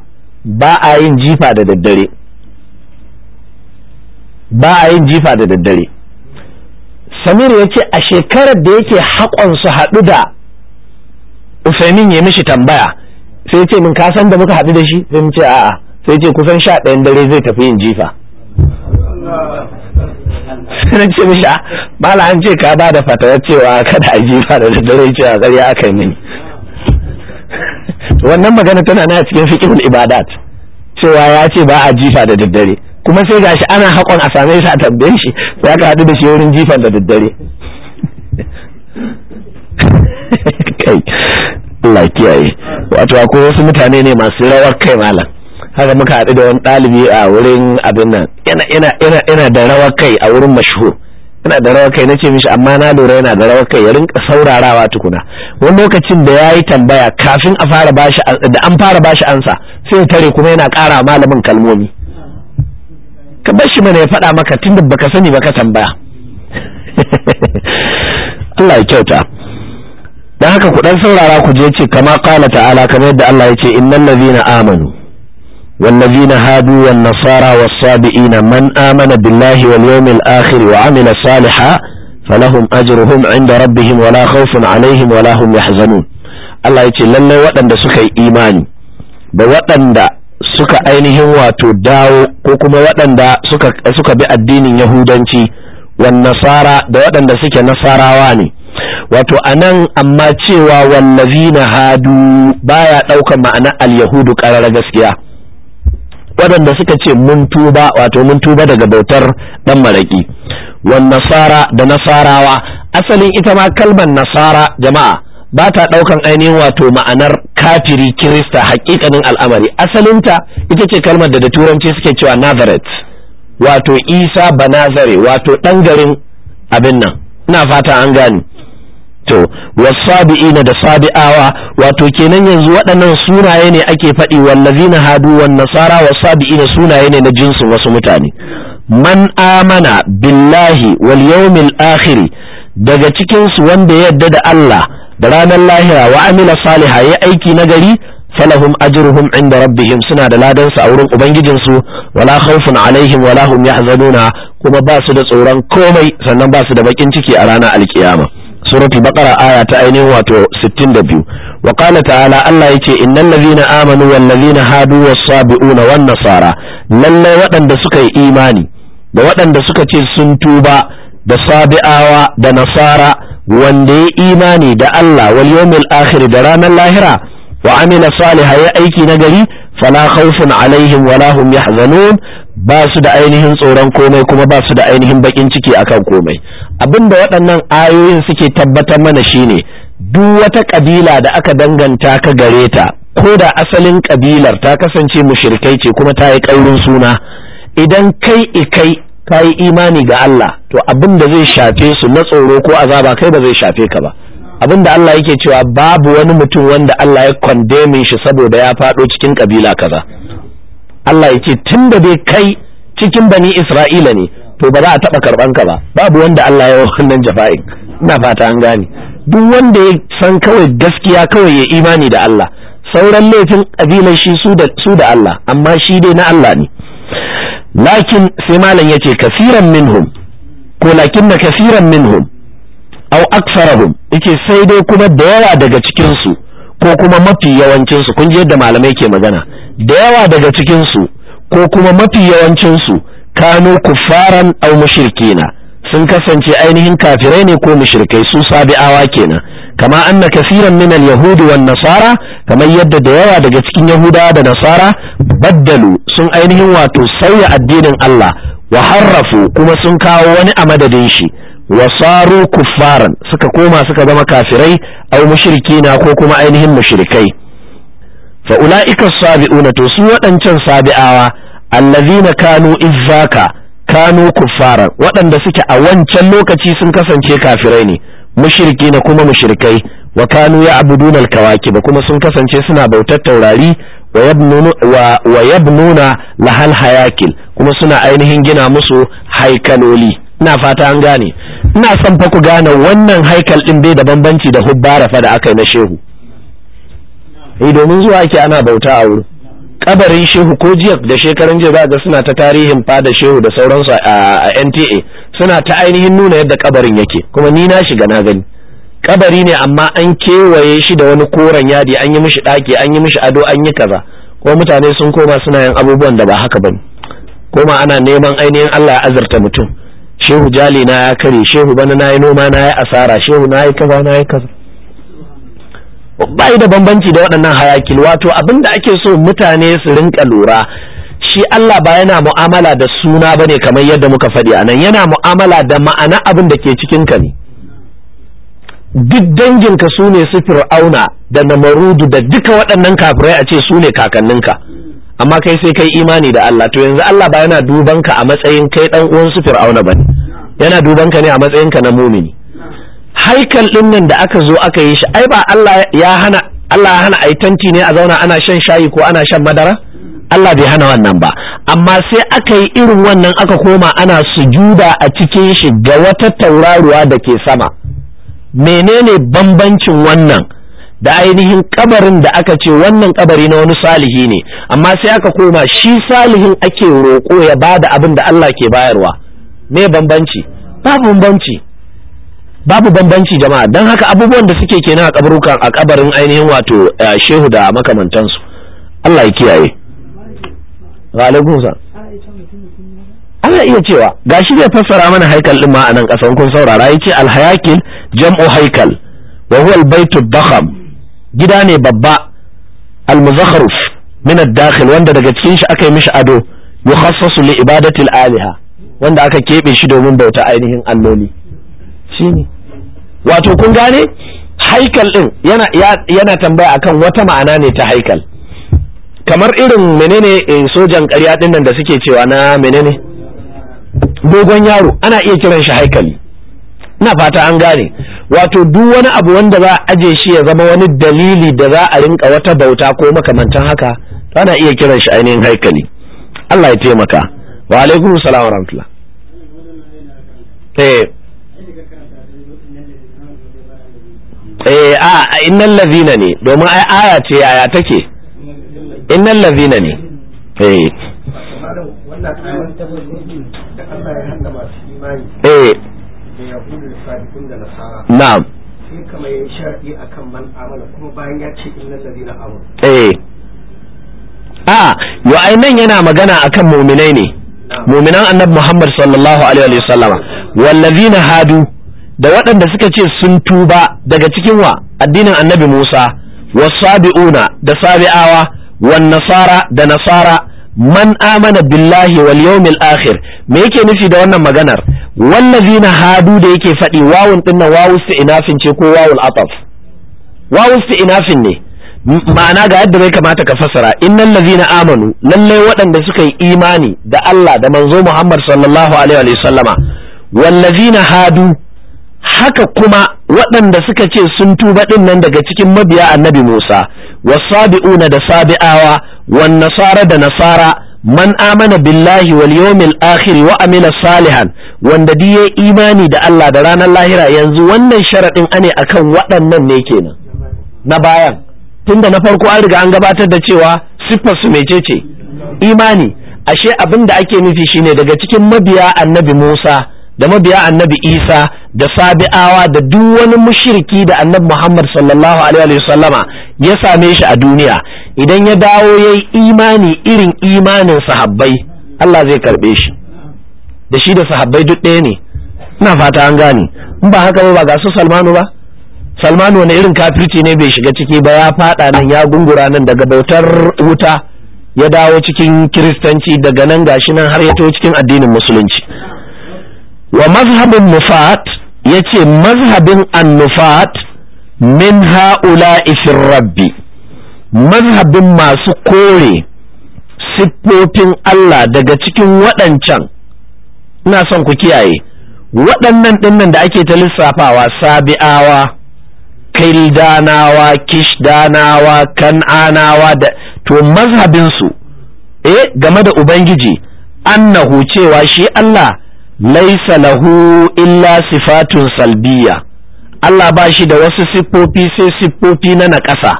ba a yin jifa da daddare ba a yin jifa da daddare samir ya ce a shekarar da yake haƙon su haɗu da usaimin ya mishi tambaya sai ce min kasan da muka haɗu da shi sai mu ce a'a sai ce kusan sha ɗayan dare zai tafi yin jifa na ce mishi bala ah, an ce ka ba da fatawa cewa kada a ji jifa da daddare cewa ƙarya aka yi mini wannan magana tana na cikin fikirin ibadat cewa ya ce ba a jifa da daddare kuma sai gashi ana hakon a same shi a tambaye shi ya ka haɗu da shi wurin jifan da daddare Allah kiyaye wato akwai wasu mutane ne masu rawar kai malam haka muka haɗu da wani ɗalibi a wurin abin nan yana da rawa kai a wurin mashhur yana da rawa kai nace mishi amma na lura yana da rawa kai ya rinka saurarawa tukuna wani lokacin da yayi tambaya kafin a fara bashi da an fara bashi ansa sai ya tare kuma yana ƙara malamin kalmomi ka bar shi mana ya faɗa maka tunda baka sani baka tambaya Allah ya kyauta dan haka ku dan saurara ku je ce kama qala ta'ala kamar yadda Allah ya ce innal ladina amanu والذين هادوا والنصارى والصابئين من آمن بالله واليوم الآخر وعمل صالحا فلهم أجرهم عند ربهم ولا خوف عليهم ولا هم يحزنون Allah ya ce lallai waɗanda suka yi imani da waɗanda suka ainihin wato dawo kuma waɗanda suka, suka bi addinin Yahudanci wan nasara da waɗanda suke nasarawa ne wato anan amma cewa wallazina hadu baya ɗaukar ma'ana al-yahudu ƙarar gaskiya waɗanda suka ce mun tuba wato mun tuba daga bautar ɗan maraƙi wan nasara da nasarawa asalin ita ma kalmar nasara jama'a ba ta ɗaukan ainihin wato ma'anar katiri kirista haƙiƙanin al'amari asalinta ita ce kalmar da da turanci suke cewa nazaret wato isa banazare wato ɗan garin abin nan ina fata an gane to wasabi'ina da sabi'awa wato kenan yanzu waɗannan sunaye ne ake faɗi wallazina hadu wan nasara wasabi'ina sunaye ne na jinsin wasu mutane man amana billahi wal yawmil akhir daga cikin su wanda yadda da Allah da ranar lahira wa amila saliha ya aiki na gari falahum ajruhum inda rabbihim suna da ladan su a wurin ubangijin su wala khawfun alaihim wala hum yahzanuna kuma ba su da tsoron komai sannan ba su da bakin ciki a ranar alkiyama suratul baqara aya ta ainihin wato 62 wa qala ta'ala Allah yace innal ladhina amanu wal ladhina hadu was sabiuna wan nasara lalle waɗanda suka yi imani da waɗanda suka ce sun tuba da sabi'awa da nasara wanda ya imani da Allah wal yawmil akhir da ranar lahira wa amila salihan ya aiki na gari fala khawfun alaihim wala hum yahzanun ba su da ainihin tsoron komai kuma ba su da ainihin bakin ciki akan komai abinda waɗannan ayoyin suke tabbatar mana shine duk wata kabila da aka danganta ka gare ta ko da asalin kabilar ta kasance mushrikai ce kuma ta yi ƙaurin suna idan kai ikai ka yi imani ga Allah to abin da zai shafe su na tsoro ko azaba kai ba zai shafe ka ba abinda Allah yake cewa babu wani mutum wanda Allah ya condemn shi saboda ya faɗo cikin kabila kaza Allah ya ce tun da dai kai cikin bani Isra'ila ne to ba za a taɓa karɓan ka ba babu wanda Allah ya wannan jafa'in ina fata an gane duk wanda ya san kawai gaskiya kawai ya imani da Allah sauran laifin kabilar shi su da su da Allah amma shi dai na Allah ne lakin sai malam yace kasiran minhum ko lakin kasiran minhum Au aksarahum yake sai dai kuma da yawa daga cikin su ko kuma mafi yawancin su kun ji yadda malamai ke magana da yawa daga cikin su ko kuma mafi yawancin su kanu kuffaran au mushrikina sun kasance ainihin kafirai ne ko mushrikai su sabi'awa kenan kama anna kasiran min al-yahudi nasara kamar yadda da yawa daga cikin yahudawa da nasara baddalu sun ainihin wato sauya addinin Allah wa harrafu kuma sun kawo wani a madadin shi wa kuffaran suka koma suka zama kafirai au mushrikina ko kuma ainihin mushrikai fa ulaika sabiuna to su waɗancan sabi'awa allazina kanu izzaka kanu kuffaran waɗanda suke a wancan lokaci sun kasance kafirai ne na kuma mushrikai wa kanu ya'buduna al-kawakib kuma sun kasance suna bautar taurari wa yabnuna lahal hayakil kuma suna ainihin gina musu haikaloli ina fata an gane ina son fa ku gane wannan haikal din bai da bambanci da hubbara fa da aka yi na shehu eh domin zuwa ake ana bauta a wurin kabarin shehu ko jiya da shekaran jiya za ga suna ta tarihin fada shehu da sauransu a NTA suna ta ainihin nuna yadda kabarin yake kuma ni na shiga na gani kabari ne amma an kewaye shi da wani koren yadi an yi mishi daki an yi mishi ado an yi kaza ko mutane sun koma suna yin abubuwan da ba haka bane koma ana neman ainihin Allah ya azurta mutum shehu jali na ya kare shehu bana na yi noma na yi asara shehu na yi kaza na yi kaza bai da bambanci da waɗannan hayakil wato abin da ake so mutane su rinka lura shi Allah ba yana mu'amala da suna bane kamar yadda muka faɗi anan yana mu'amala da ma'ana abin da ke cikin ka ne duk danginka su ne su fir'auna da namarudu da duka waɗannan kafirai a ce su ne kakanninka amma kai sai kai imani da Allah to yanzu Allah ba yana duban ka a matsayin kai dan uwan su Fir'auna bane yana duban ka ne a matsayin ka na mumini haikal din nan da aka zo aka yi shi ai ba Allah ya hana Allah ya hana ai tanti ne a zauna ana shan shayi ko ana shan madara Allah bai hana wannan ba amma sai aka yi irin wannan aka koma ana sujuda a cikin shi ga wata tauraruwa da ke sama menene bambancin wannan da ainihin kabarin da aka ce wannan kabari na wani salihi ne amma sai aka koma shi salihin ake roƙo ya bada abin da Allah ke bayarwa me bambanci babu bambanci babu bambanci jama'a don haka abubuwan da suke kenan a kabarukan a kabarin ainihin wato eh, shehu da makamantansu Allah ya kiyaye Allah iya cewa gashi zai fassara mana haikal din ma a nan kasan kun saurara yace al hayakil jam'u haikal wa huwa al baitu dakham gida ne babba al-muzakharuf min ad-dakhil wanda daga cikin shi aka yi mishi ado yukhassasu li al aliha wanda aka keɓe shi domin bauta ainihin alloli shine wato kun gane haikal din yana yana tambaya akan wata ma'ana ne ta haikal kamar irin menene eh, sojan ƙarya din da suke cewa na menene dogon yaro ana iya kiran shi haikali na fata an gane wato duk wani abu wanda za a aje shi ya zama wani dalili da za a rinka wata bauta ko makamantan haka ana iya kiran shi ainihin haikali Allah ya taimaka wa alaikum salam wa rahmatullah eh. Eh, a innal lazina ne domin ai aya ce yaya take innal lazina ne eh da na'am sai kama yin sharɗi akan man amana kuma bayan ya ce innal ladina amanu eh a yo ai nan yana magana akan mu'minai ne mu'minan annabi Muhammad sallallahu alaihi wa sallama wallazina hadu da waɗanda suka ce sun tuba daga cikin wa addinin annabi Musa sabi'una da sabi'awa wan nasara da nasara man amana billahi wal yawmil akhir me yake nufi da wannan maganar wallazina hadu da yake faɗi wawun dinnan wawu inafin ce ko wawul ataf wawu inafin ne ma'ana ga yadda bai kamata ka fassara innal ladzina amanu lalle waɗanda suka yi imani da Allah da manzo Muhammad sallallahu alaihi wa sallama wallazina hadu haka kuma waɗanda suka ce sun tuba din nan daga cikin mabiya annabi Musa wasabi'una da sabi'awa wan nasara da nasara man amana billahi wal yawmil akhir wa amila salihan wanda duk yayi imani da Allah da ranar lahira yanzu wannan sharadin ane akan waɗannan ne kenan na bayan tunda na farko an riga an gabatar da cewa siffar su mecece imani ashe abin da ake nufi shine daga cikin mabiya annabi Musa da mabiya annabi isa da sabi'awa da duk wani mushriki da annabi muhammad sallallahu alaihi wasallama ya same shi a duniya idan ya dawo yayi imani irin imanin sahabbai allah zai karbe shi da shi da sahabbai duk ɗaya ne ina fata an gane in ba haka ba ga su salmanu ba salmanu wani irin kafirci ne bai shiga ciki ba ya fada nan ya gungura nan daga bautar wuta ya dawo cikin kiristanci daga nan gashi nan har ya to cikin addinin musulunci wa mazhabin nufat ya ce mazhabin annufat min ha'ula ifin rabbi mazhabin masu kore siffofin Allah daga cikin waɗancan ina son ku kiyaye waɗannan ɗinnan da ake ta lissafawa sabi'awa kildanawa kishdanawa kan'anawa da to mazhabinsu eh game da ubangiji annahu cewa shi Allah laisa lahu illa sifatun salbiya Allah ba shi da wasu siffofi sai siffofi na naƙasa.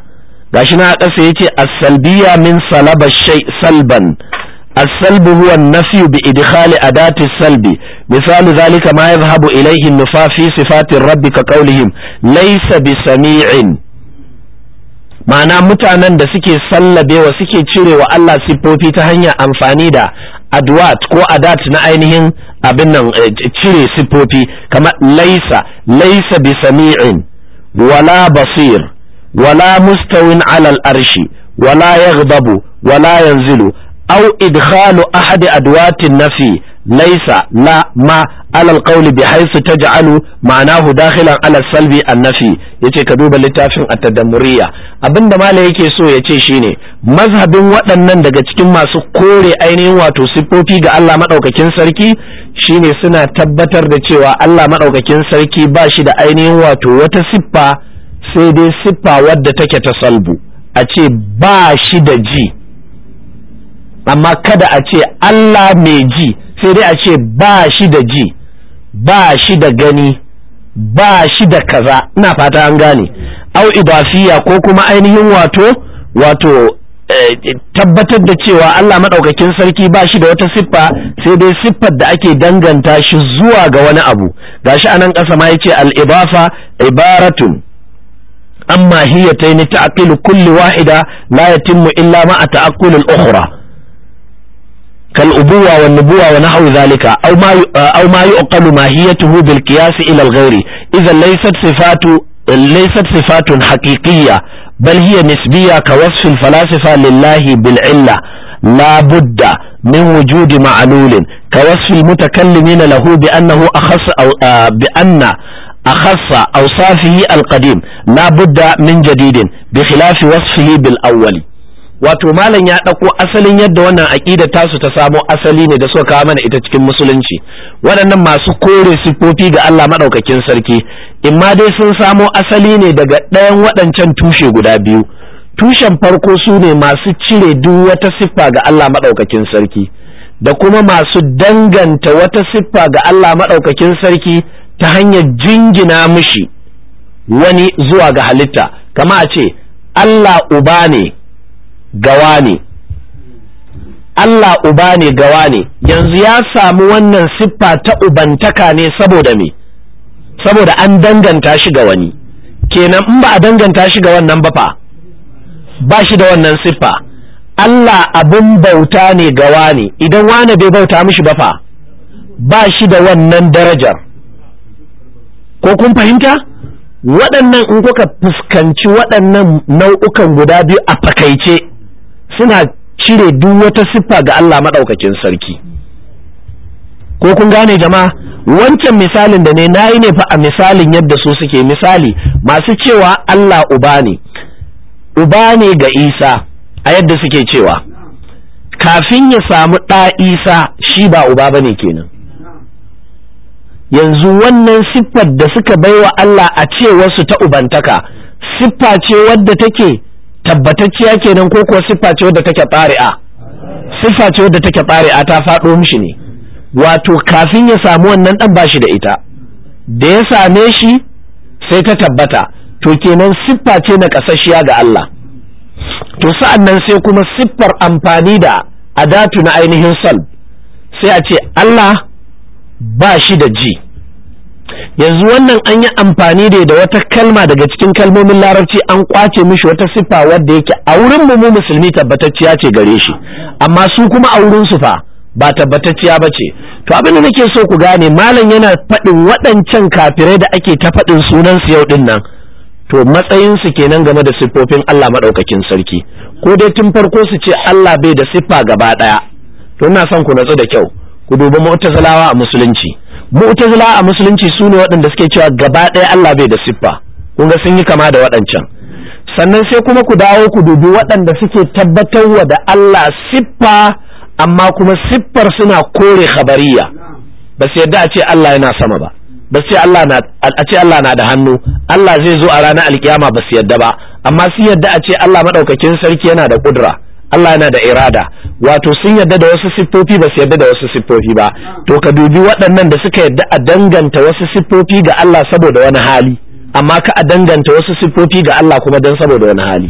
ƙasa ga shi na ƙasa ya ce as-salbiya min salaba shay salban as-salbu huwa an-nafyu bi idkhali adati salbi Misali, zalika ma yadhhabu ilaihin an sifatin rabbi ka rabbika qawlihim laisa bi sami'in ma'ana mutanen da suke sallabewa suke cirewa Allah siffofi ta hanyar amfani da adwat ko adat na ainihin abin nan eh, cire siffofi kamar laisa laisa bi sami'in wala basir wala mustawin alal arshi wala yaghdabu wala yanzilu au idkhalu ahadi adwatin nafi laisa la ma alal qawli bi haythu taj'alu ma'anahu dakhilan ala salbi annafi yace ka duba littafin at-tadammuriyya abinda malai yake so yace shine mazhabin waɗannan daga cikin masu kore ainihin wato siffofi ga Allah madaukakin sarki shine suna tabbatar da cewa Allah madaukakin sarki ba shi da ainihin wato wata siffa sai dai siffa wadda take ta salbu a ce ba shi da ji amma kada a ce Allah mai ji sai dai a ce ba shi da ji ba shi da gani ba shi da kaza ina fata an gane au idafiya ko kuma ainihin wato wato eh, tabbatar da cewa Allah maɗaukakin sarki ba shi da wata siffa sai dai siffar da ake danganta shi zuwa ga wani abu gashi anan nan ƙasa ma ya ce al'ibafa ibaratun amma hiya ta yi ni kulli wahida la yatimmu illa ma a ta'aqulul ukhra كالأبوة والنبوة ونحو ذلك أو ما آه، أو ما يعقل ماهيته بالقياس إلى الغير إذا ليست صفات ليست صفات حقيقية بل هي نسبية كوصف الفلاسفة لله بالعلة لا بد من وجود معلول كوصف المتكلمين له بأنه أخص أو آه، بأن أخص أوصافه القديم لا بد من جديد بخلاف وصفه بالأول wato malam ya ɗauko asalin yadda wannan aƙida tasu ta samo asali ne da suka kawo mana ita cikin musulunci waɗannan masu kore siffofi ga Allah maɗaukakin sarki imma dai sun samo asali ne daga ɗayan waɗancan tushe guda biyu tushen farko su ne masu cire duk wata siffa ga Allah maɗaukakin sarki da kuma masu danganta wata siffa ga Allah maɗaukakin sarki ta hanyar jingina mishi wani zuwa ga halitta kama a ce Allah uba ne gawa ne Allah uba ne gawa ne yanzu ya samu wannan siffa ta ubantaka ne saboda me saboda an danganta shi ga wani kenan in ba a danganta shi ga wannan ba fa ba shi da wannan siffa Allah abin bauta ne gawa ne idan wane bai bauta mishi ba fa ba shi da wannan darajar ko kun fahimta waɗannan in kuka fuskanci waɗannan nau'ukan guda biyu a fakaice suna cire duk wata siffa ga Allah maɗaukacin sarki ko kun gane jama'a wancan misalin da ne na yi ne fa a misalin yadda su suke misali masu cewa Allah uba ne uba ne ga Isa a yadda suke cewa kafin ya samu ɗa Isa shi ba uba ba ne kenan yanzu wannan siffar da suka baiwa Allah a cewarsu ta ubantaka siffa ce wadda take tabbatacciya kenan ko kuwa siffa ce wadda take tsari'a siffa ce wadda take tsari'a ta faɗo mishi ne wato kafin ya samu wannan ɗan shi da ita da ya same shi sai ta tabbata to kenan siffa ce na ƙasashiya ga Allah to sa'an nan sai kuma siffar amfani da adatu na ainihin sal sai a ce Allah ba shi da ji yanzu wannan an yi amfani da da wata kalma daga cikin kalmomin larabci an kwace mishi wata siffa wadda yake a wurin mu musulmi tabbatacciya ce gare shi amma su kuma a wurin su fa ba tabbatacciya ba ce to abin da nake so ku gane malam yana faɗin waɗancan kafirai da ake ta faɗin sunan su yau din nan to matsayin su kenan game da siffofin Allah madaukakin sarki ko dai tun farko su ce Allah bai da siffa gaba ɗaya to ina son ku natsu da kyau ku dubi mu'tazilawa a musulunci mu'tazila a musulunci su ne waɗanda suke cewa gaba ɗaya Allah bai da siffa kun ga sun yi kama da waɗancan sannan sai kuma ku dawo ku dubi waɗanda suke tabbatarwa da Allah siffa amma kuma siffar suna kore khabariya ba su yadda a ce Allah yana sama ba ba su Allah na ce Allah na da hannu Allah zai zo a ranar alkiyama ba su yadda ba amma su yadda a ce Allah maɗaukakin sarki yana da ƙudura. Allah yana da irada wato sun yarda da wasu siffofi ba su yadda da wasu siffofi ba to ka dubi waɗannan da suka yadda a danganta wasu siffofi ga Allah saboda wani hali amma ka a danganta wasu siffofi ga Allah kuma dan saboda wani hali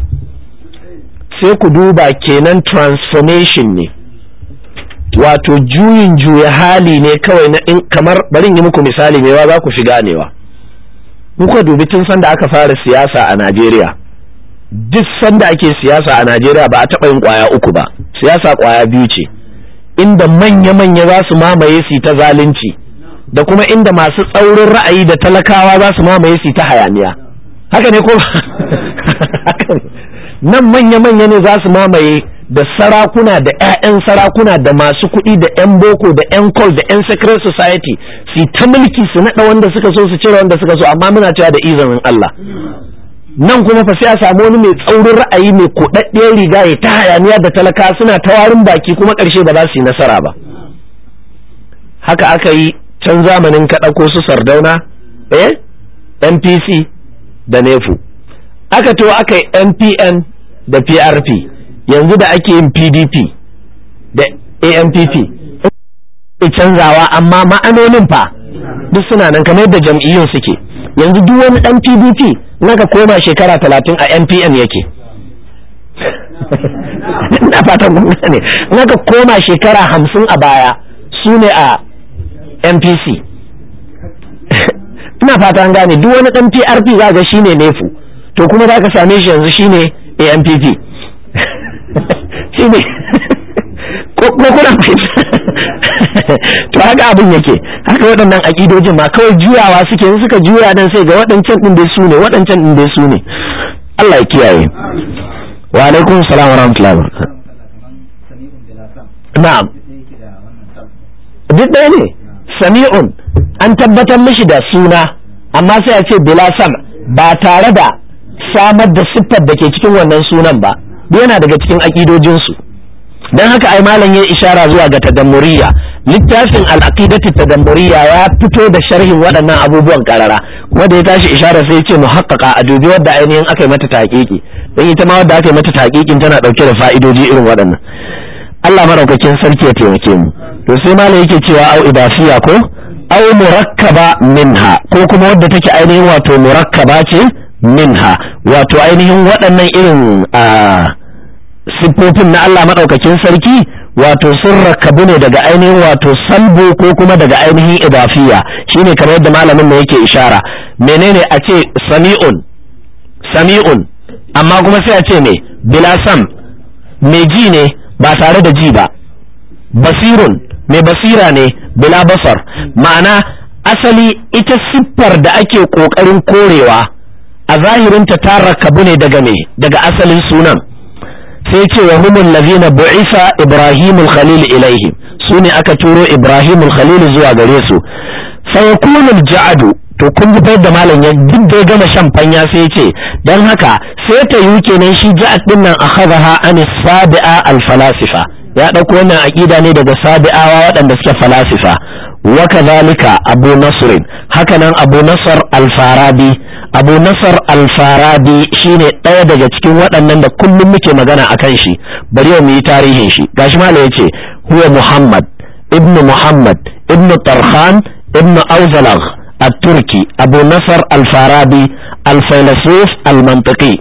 sai ku duba kenan transformation ne wato juyin juya hali ne kawai na in kamar bari yi muku misali mewa za ku fi ganewa muka dubi tun sanda aka fara siyasa a Najeriya duk sanda ake siyasa a Najeriya ba a taɓa yin ƙwaya uku ba siyasa ƙwaya biyu ce inda manya-manya za su mamaye su ta zalunci da kuma inda masu tsaurin ra'ayi da talakawa za su mamaye su ta hayaniya haka ne ko nan manya-manya ne za su mamaye da sarakuna da 'ya'yan sarakuna da masu kuɗi da 'yan boko da 'yan col, da 'yan secret society su ta mulki su naɗa wanda suka so su cire wanda suka so amma muna cewa da izinin Allah nan kuma fa sai a samu wani mai tsaurin ra'ayi mai kudaddiyar riga ya ta hayaniya da talaka suna tawarin baki kuma ƙarshe ba za su yi nasara ba haka aka yi can zamanin kaɗa ko su sardauna eh npc da nefu aka to aka yi npn da prp yanzu da ake yin pdp da ampp canzawa amma ma'anonin fa duk suna nan kamar yadda jam'iyyun suke yanzu duk wani dan pdp naka koma shekara talatin a npn yake na fatan gwamna ne naka koma shekara hamsin a baya su ne a npc ina fata an gane duk wani dan prp za ga shi ne nefu to kuma za ka same shi yanzu shi ne ampp shine ko kuna to haka abin yake haka waɗannan aƙidojin ma kawai juyawa suke suka juya dan sai ga waɗancan ɗin dai su ne waɗancan ɗin dai su ne Allah ya kiyaye wa alaikum salam wa rahmatullahi wa na'am duk ɗaya ne sami'un an tabbatar mishi da suna amma sai a ce bilasan ba tare da samar da siffar da ke cikin wannan sunan ba yana daga cikin aƙidojinsu dan haka ai malam ya ishara zuwa ga tadammuriya littafin al-aqidatu tadammuriya ya fito da sharhin waɗannan abubuwan karara kuma ya tashi ishara sai ya ce muhaqqaqa a dubi wadda ainihin aka yi mata taqiqi dan ita ma wadda aka yi mata taqiqin tana dauke da fa'idoji irin waɗannan Allah maraukakin sarki ya taimake mu to sai malam yake cewa au idafiya ko au murakkaba minha ko kuma wadda take ainihin wato murakkaba ce minha wato ainihin waɗannan irin a ah, siffofin na Allah maɗaukakin sarki wato sun rakabu ne daga ainihin wato salbo ko kuma daga ainihin idafiya shine kamar yadda malamin ne yake ishara menene a ce sami'un sami'un amma kuma sai a ce me bila sam mai ji ne ba tare da ji ba basirun mai basira ne bila basar ma'ana asali ita siffar da ake ƙoƙarin korewa a zahirinta ta rakabu ne daga me daga asalin sunan sai ce wa humul ladina bu'isa ibrahimul khalil ilaihim su ne aka turo ibrahimul khalil zuwa gare su fa ja'adu to kun ji da malam ya duk da ya gama shan fanya sai ce dan haka sai ta yi kenan shi ja'ad din nan akhadha an sabi'a al falasifa ya ɗauko wannan aƙida ne daga sabi'awa waɗanda suke falasifa wa kadhalika abu nasr hakanan abu nasar al-farabi abu nasar al-farabi shine ɗaya daga cikin waɗannan da kullum muke magana akan shi bari mu yi tarihin shi gashi ya ce huwa muhammad ibn muhammad ibn tarhan ibn awzalagh التركي أبو نصر الفارابي الفيلسوف المنطقي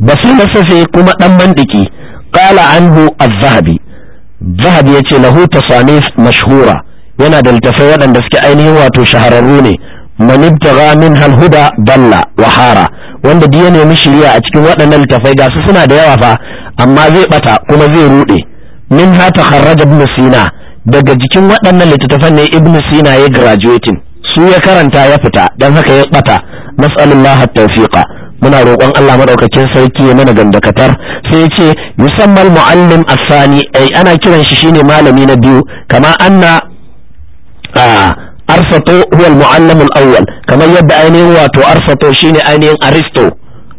بس فلسفي كما منطقي قال عنه الذهبي zahab ya ce lahu sani mashhura yana da littafai waɗanda suke ainihin wato shahararru ne man ibtagha min hal huda dalla wa hara wanda duk ya nemi shirya a cikin waɗannan littafai ga su suna da yawa fa amma zai bata kuma zai rude min ha takharraja ibn sina daga jikin waɗannan littattafan ne ibn sina ya graduating su ya karanta ya fita dan haka ya bata nas'alullah at-tawfiqa muna roƙon Allah madaukakin sarki ya mana gandakatar sai ya ce musamman muallim asani ai eh, ana kiran shi shine malami na biyu kama anna arsato huwa al-muallim al kamar yadda ainihin wato arsato shine ainihin aristo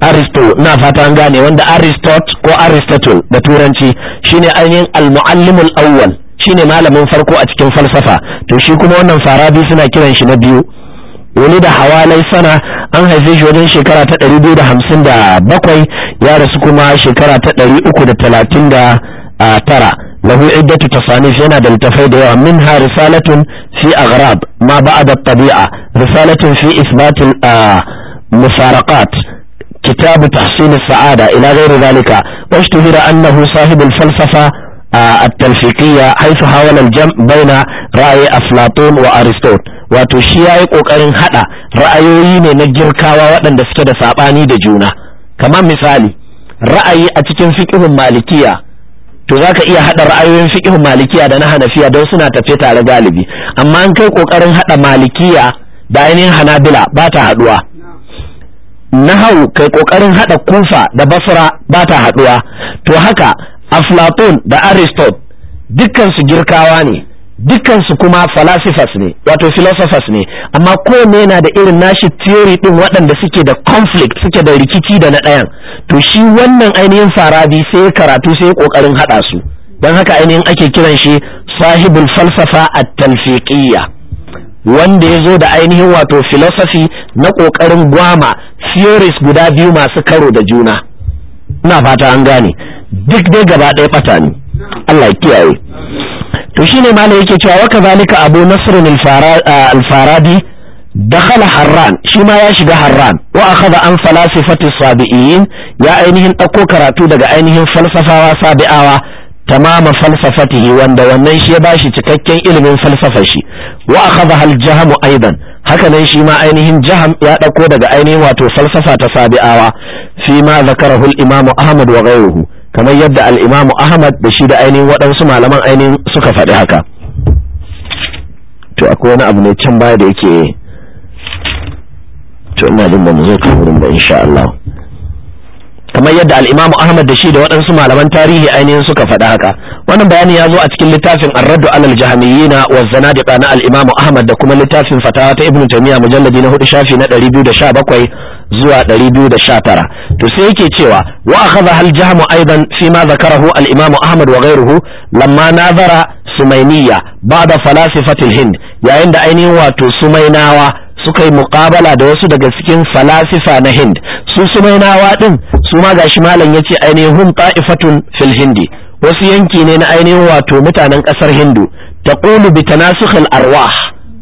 aristo na fata an gane wanda aristot ko aristotle da turanci shine ainihin al-muallim al-awwal shine malamin farko a cikin falsafa to shi kuma wannan farabi suna kiran shi na biyu wani da hawa sana an haife shi wajen shekara ta ɗari biyu da hamsin da bakwai ya rasu kuma shekara ta ɗari uku da talatin da tara lahu iddatu tasanif yana da littafai da yawa min ha risalatun fi aghrab ma ɗabi'a tabi'a risalatun fi isbatil musaraqat كتاب تحصيل sa'ada ila غير zalika واشتهر annahu sahibul falsafa. التلفيقية حيث حاول الجمع بين رأي أفلاطون وأرسطو wato shi ya yi ƙoƙarin haɗa ra'ayoyi ne na girkawa waɗanda suke da saɓani da juna kamar misali ra'ayi a cikin fiƙihun malikiya to za ka iya haɗa ra'ayoyin fiƙihun malikiya da na hanafiya don suna tafe tare galibi amma an kai ƙoƙarin haɗa malikiya da ainihin hanabila ba ta haɗuwa nahau kai ƙoƙarin haɗa kufa da basra ba ta haɗuwa to haka Aflaton da aristotle dukansu girkawa ne dukansu kuma philosophers ne wato philosophers ne amma kowanne yana da irin nashi theory din waɗanda suke da conflict suke da rikici da na ɗayan to shi wannan ainihin farabi sai ya karatu sai ya ƙoƙarin haɗa su don haka ainihin ake kiran shi sahibul falsafa at-talfiqiyya wanda ya zo da ainihin wato philosophy na ƙoƙarin gwama theories guda biyu masu karo da juna ina fata an gane duk dai gaba ɗaya ɓata ne Allah ya kiyaye to shine malai yake cewa wa kazalika abu nasr ah, al-faradi dakhala harran shi ma ya shiga harran wa akhadha an falasifati sabi'in ya ainihin ɗauko karatu daga ainihin falsafawa sabi'awa tamama falsafatihi wanda wannan shi ya bashi cikakken ilimin falsafa shi wa akhadha hal jaham aidan haka nan shi ma ainihin jaham ya dauko daga ainihin wato falsafa ta sabi'awa fi ma zakarahu al-imam ahmad wa ghayruhu kamar yadda al-imam ahmad da shi da ainihin waɗansu malaman ainihin suka faɗi haka to akwai wani abu ne can baya da yake to ina jin ba mu zo kan wurin ba insha Allah kamar yadda al Ahmad da shi da waɗansu malaman tarihi ainihin suka faɗa haka wannan bayani ya zo a cikin littafin ar alal alal na wa Zanadiqa na alimam Ahmad da kuma littafin Fatawa ta Ibn Taymiyyah mujalladi na hudu shafi na 217 zuwa 219 to sai yake cewa wa akhadha hal jahmu aidan fi ma zakarahu al-Imam Ahmad wa ghayruhu lamma nazara Sumainiyya ba'da falasifati al-Hind yayin da ainihin wato Sumainawa suka yi mukabala da wasu daga cikin falasifa na hind su sumainawa din su ma gashi malam ya ce ainihin ta'ifatun fil hindi wasu yanki ne na ainihin wato mutanen ƙasar hindu taqulu bi tanasukhil arwah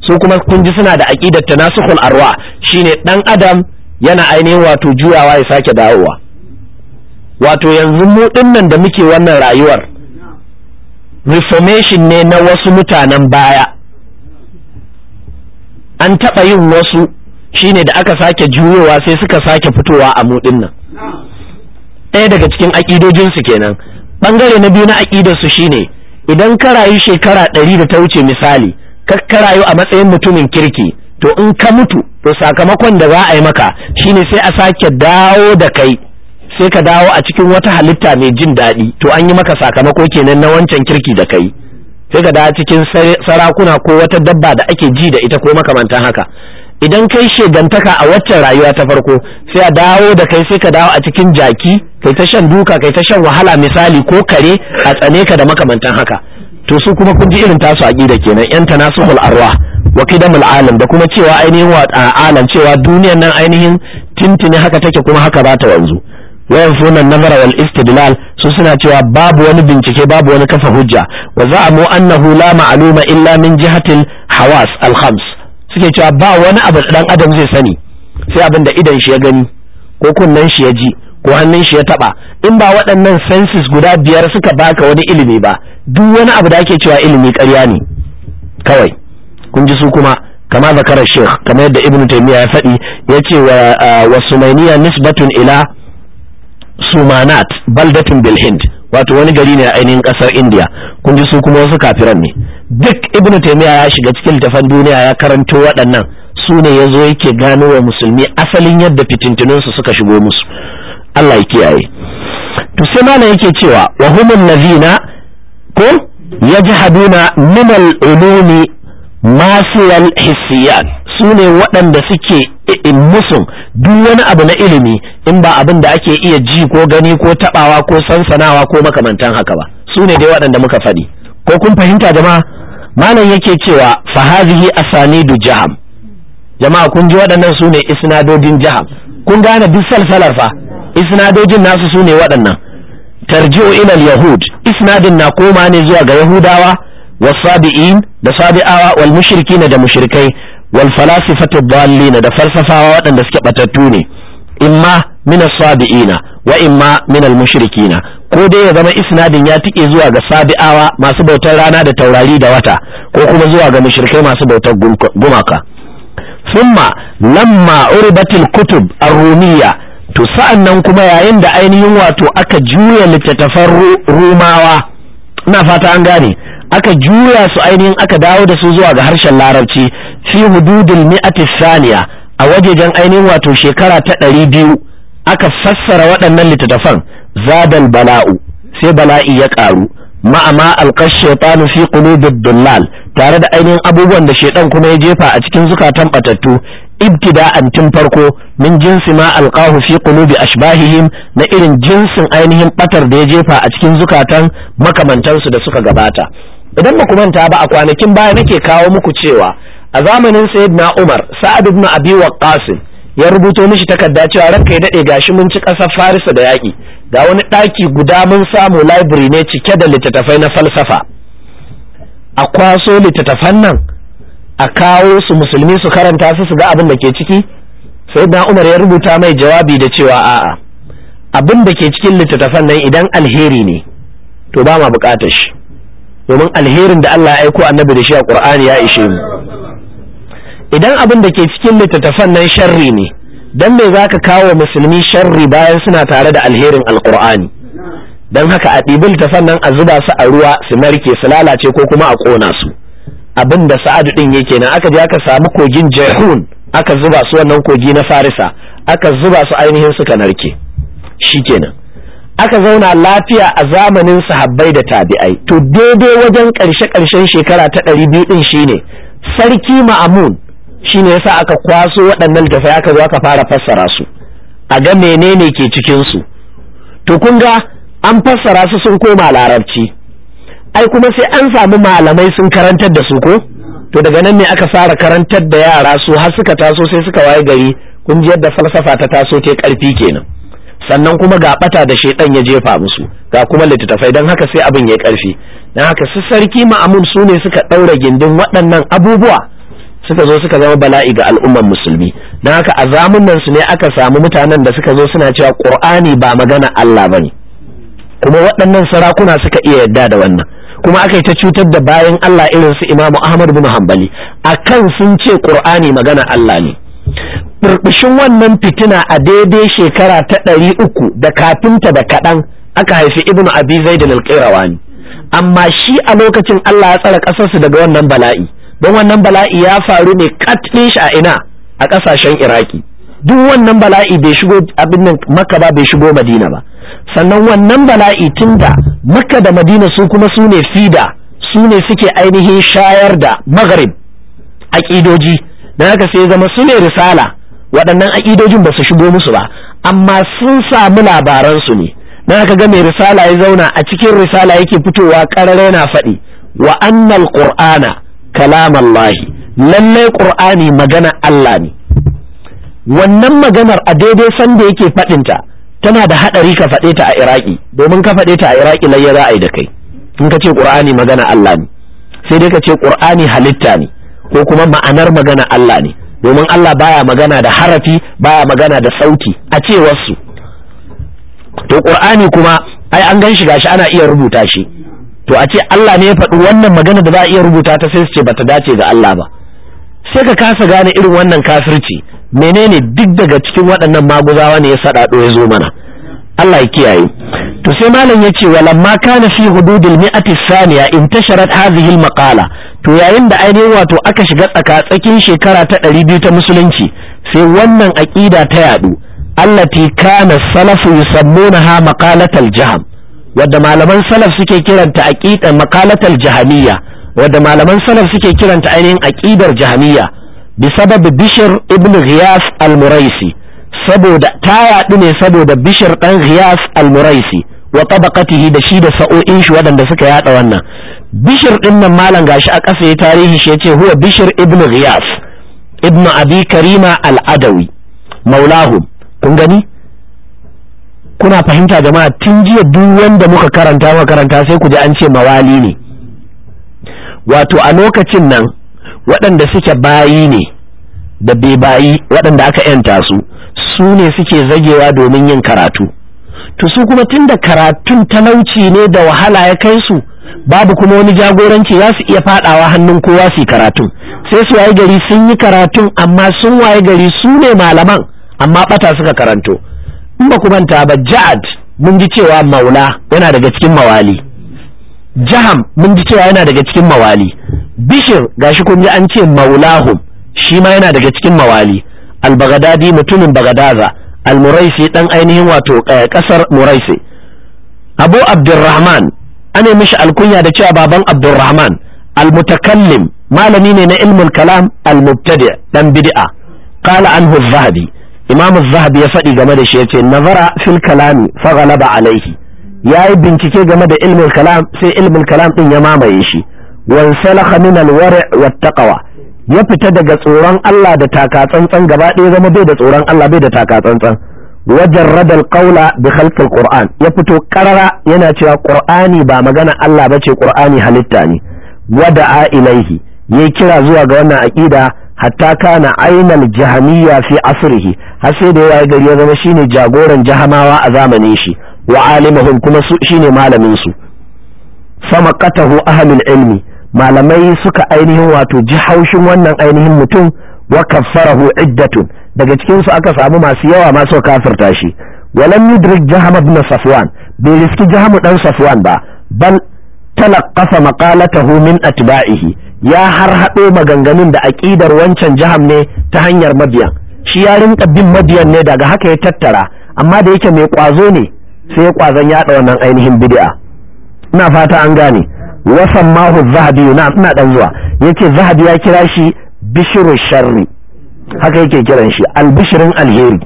su kuma kun ji suna da aqidar tanasukhul arwah shine dan adam yana ainihin wato juyawa ya sake dawowa wato yanzu mu ɗinnan da muke wannan rayuwar reformation ne na wasu mutanen baya an taɓa yin wasu shine da aka sake juyowa sai suka sake fitowa a mudin nan ɗaya daga cikin aƙidojinsu kenan ɓangare na biyu na aƙidarsu shine idan ka rayu shekara ɗari da ta wuce misali ka rayu a matsayin mutumin kirki to in ka mutu to sakamakon da za a yi maka shine sai a sake dawo da kai sai ka dawo a cikin wata halitta mai jin daɗi to an yi maka sakamako kenan na wancan kirki da kai sai ka dawo cikin sarakuna ko wata dabba da ake ji da ita ko makamantan haka idan kai shegantaka a waccan rayuwa ta farko sai a dawo da kai sai ka dawo a cikin jaki kai ta shan duka kai ta shan wahala misali ko kare a tsane ka da makamantan haka to su kuma kun ji irin tasu aqida kenan yan tanasuhul arwa wa qidamul alam da kuma cewa ainihin wa alam cewa duniyar nan ainihin tintini haka take kuma haka za ta wanzu suna وينفون النظر والاستدلال سسنا تيوا باب ونبنتك باب ونكف هجة وزعموا أنه لا معلوم illa min جهة الحواس alkhams suke cewa ba wani abu dan adam zai sani sai abin da idan shi ya gani ko kunnen shi ya ji ko hannun shi ya taɓa in ba waɗannan senses guda biyar suka baka wani ilimi ba duk wani abu da ake cewa ilimi karya ne kawai kun ji su kuma kama zakarar sheikh kamar yadda ibnu taymiya ya faɗi ya ce wa sumainiya nisbatun ila sumanat baldatin bilhind wato wani gari ne a ainihin kasar indiya kun ji su kuma wasu kafiran ne duk ibnu taymiya ya shiga cikin littafan duniya ya karanto waɗannan su ne ya zo yake gano wa musulmi asalin yadda su suka shigo musu allah ya kiyaye to sai malam yake cewa wa humun lazina ko yajhaduna min al-ulumi masiyal hissiyan su ne waɗanda suke musu duk wani abu na ilimi in ba abin da ake iya ji ko gani ko tabawa ko sansanawa ko makamantan haka ba su ne dai waɗanda muka faɗi ko kun fahimta jama'a malam yake cewa hadhihi asanidu jaham jama'a kun ji waɗannan su ne isnadodin jaham kun gane duk salsalar fa isnadojin nasu su ne waɗannan tarji'u ilal yahud isnadin na koma ne zuwa ga yahudawa wasabi'in da sabi'awa wal mushrikina da mushrikai wal falasifatu dallina da falsafawa waɗanda suke batattu ne imma min as-sabiina wa imma min al-mushrikina ko dai ya zama isnadin ya tike zuwa ga sabi'awa masu bautar rana da taurari da wata ko kuma zuwa ga mushrikai masu bautar gumaka thumma lamma uribatil kutub ar-rumiyya to sa'an kuma yayin da ainihin wato aka juya littattafan rumawa ina fata an gane aka juya su ainihin aka dawo da su zuwa ga harshen larabci fi hududul mi'ati saniya a wajejen ainihin wato shekara ta ɗari biyu aka fassara waɗannan littattafan zadal bala'u sai bala'i ya ƙaru ma'ama alƙar shaitanu fi qulubid dullal tare da ainihin abubuwan da shaiɗan kuma ya jefa a cikin zukatan batattu ibtida'an tun farko min jinsi ma alqahu fi qulubi ashbahihim na irin jinsin ainihin ɓatar da ya jefa a cikin zukatan makamantansu da suka gabata idan ba ku manta ba a kwanakin baya nake kawo muku cewa a zamanin na Umar Sa'ad ibn Abi Waqqas ya rubuto mishi takarda cewa ranka ya dade gashi mun ci kasar Farisa da yaki ga wani ɗaki guda mun samu library ne cike da littattafai na falsafa a kwaso littattafan nan a kawo su musulmi su karanta su su ga abin da ke ciki na Umar ya rubuta mai jawabi da cewa a'a abin da ke cikin littattafan nan idan alheri ne to ba ma bukatar shi domin alherin da Allah ya aiko annabi da shi a Qur'ani ya ishe mu idan abin da ke cikin littattafan nan sharri ne dan me zaka kawo musulmi sharri bayan suna tare da alherin alqur'ani dan haka a ɗibi littattafan nan a zuba su a ruwa su narke su lalace ko kuma a kona su abin da sa'adu din yake nan aka je aka samu kogin jahun aka zuba su wannan kogi na farisa aka zuba su ainihin suka narke shikenan aka zauna lafiya a zamanin sahabbai da tabi'ai to daidai wajen ƙarshe ƙarshen shekara ta ɗari biyu ɗin shine sarki ma'amun Shi ne yasa aka kwaso waɗannan da aka zo aka fara fassara su a ga menene ke cikin su to kun ga an fassara su sun koma larabci ai kuma sai an samu malamai sun karantar da su ko to daga nan ne aka fara karantar da yara su har suka taso sai suka waye gari kun ji yadda falsafa ta taso ta karfi kenan sannan kuma ga bata da shedan ya jefa musu ga kuma littattafai don haka sai abin ya karfi don haka su sarki ma'amun su ne suka ɗaura gindin waɗannan abubuwa suka zo suka zama bala'i ga al'ummar musulmi don haka a zamunan su ne aka samu mutanen da suka zo suna cewa qur'ani ba magana Allah bane kuma waɗannan sarakuna suka iya yadda da wannan kuma aka yi ta cutar da bayan Allah irin su Imam Ahmad bin Hanbali akan sun ce qur'ani magana Allah ne burbushin wannan fitina a daidai shekara ta ɗari uku da kafinta da kaɗan aka haifi ibnu abi zaid al-qirawani amma shi a lokacin Allah ya tsara ƙasarsu daga wannan bala'i don wannan bala'i ya faru ne katin shi a ina a ƙasashen iraki duk wannan bala'i bai shigo abin nan makka ba bai shigo madina ba sannan wannan bala'i tun da makka da madina su kuma su ne fida su ne suke ainihin shayar da magharib aƙidoji don haka sai zama su ne risala waɗannan aƙidojin ba su shigo musu ba amma sun samu labaransu ne don haka ga mai risala ya zauna a cikin risala yake fitowa ƙarare na faɗi wa annal qur'ana kalam Allah lallai qur'ani magana Allah ne wannan maganar a daidai sanda yake faɗinta tana da haɗari ka faɗe ta a iraki domin ka faɗe ta a iraki lai za a yi da kai in ka ce qur'ani magana Allah ne sai dai ka ce qur'ani halitta ne ko kuma ma'anar magana Allah ne domin Allah baya magana da harafi baya magana da sauti a cewar su to qur'ani kuma ai an gan shi gashi ana iya rubuta shi to a ce Allah ne ya faɗi wannan magana da za a iya rubuta ta sai su ce ba ta dace ga Allah ba sai ka kasa gane irin wannan kafirci menene duk daga cikin waɗannan maguzawa ne ya saɗaɗo ya zo mana Allah ya kiyaye to sai malam ya ce walamma kana fi hududil mi'ati saniya intasharat hadhihi al-maqala to yayin da ainihin wato aka shiga tsaka tsakin shekara ta 200 ta musulunci sai wannan aqida ta yadu allati kana salafu yusammunaha maqalatal jahm wadda malaman salaf suke kiranta aqida makalatal jahamiyya wadda malaman salaf suke kiranta ainihin aqidar jahamiyya bi sabab bishr ibn ghiyas al-muraisi saboda ta yaɗu ne saboda bishir ɗan ghiyas al-muraisi wa tabaqatihi da shi da sa'o'in shi waɗanda suka yaɗa wannan bishir ɗinnan nan malam gashi a ƙasa ya tarihi shi yace huwa bishir ibn ghiyas ibn abi karima al-adawi Maulahu kun gani kuna fahimta jama'a tun jiya duk wanda muka karanta muka karanta sai ku ji an ce mawali ne wato a lokacin nan waɗanda suke bayi ne da bai bayi waɗanda aka yanta su su ne suke zagewa domin yin karatu to su kuma tun da karatun talauci ne da wahala ya kai su babu kuma wani jagoranci za su iya fadawa hannun kowa su karatun sai su waye gari sun yi karatun amma sun waye gari su ne malaman amma bata suka karanto in ba ku manta ba ja'ad mun ji cewa maula yana daga cikin mawali jaham mun ji cewa yana daga cikin mawali bishir gashi kun ji an ce maulahu shi ma yana daga cikin mawali al mutumin bagadaza al-muraisi dan ainihin wato eh, kasar muraisi abu abdurrahman ana mishi alkunya da cewa baban abdurrahman almutakallim malami ne na ilmul kalam almubtadi dan bid'a qala anhu az-zahabi imamu zahabi ya faɗi game da shi ya ce nazara fil kalami fa alaihi ya yi bincike game da ilmin kalam sai ilmin kalam din ya mamaye shi wan salaha min alwari ya fita daga tsoron Allah da taka tsantsan gaba ɗaya zama bai da tsoron Allah bai da taka tsantsan wajen radar kaula bi khalqil qur'an ya fito karara yana cewa ƙur'ani ba magana Allah bace ƙur'ani halitta ne a ilaihi yayi kira zuwa ga wannan aƙida hatta kana ainal jahamiya fi asrihi har sai da ya gari ya zama shine jagoran jahamawa a zamanin shi wa alimahum kuma su shine malamin su sama qatahu ahlul ilmi malamai suka ainihin wato ji haushin wannan ainihin mutum wa kaffarahu iddatun daga cikin su aka samu masu yawa masu kafirta shi walam yudrik jaham ibn safwan bai riski jaham dan safwan ba bal talaqafa maqalatahu min atba'ihi ya har haɗo maganganun da aƙidar wancan jihar ne ta hanyar mabiyan shi ya rinka bin mabiyan ne daga haka ya tattara amma da yake mai ƙwazo ne sai ƙwazon yaɗa wannan ainihin bid'a ina fata an gane wasan mahu zahabi na ina dan zuwa yace zahabi ya kira shi bishirin sharri haka yake kiran shi albishirin alheri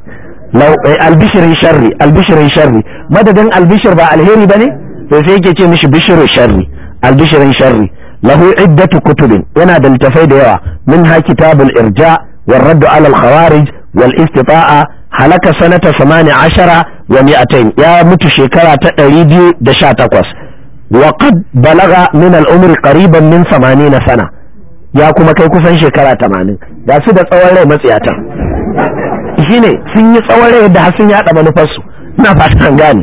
eh, albishirin sharri albishirin sharri madadin albishir ba alheri ba ne? sai yake ce mishi bishirin sharri albishirin sharri lahu iddatu kutubin yana da littafai da yawa min ha kitabul irja wal radd alal al khawarij wal istita'a halaka sanata 18 wa 200 ya mutu shekara ta 218 wa qad balaga min umri qariban min 80 sana ya kuma kai kusan shekara tamanin ga su da tsawon rai matsiyata shine sun yi tsawon rai da sun yada manufarsu na fatan gane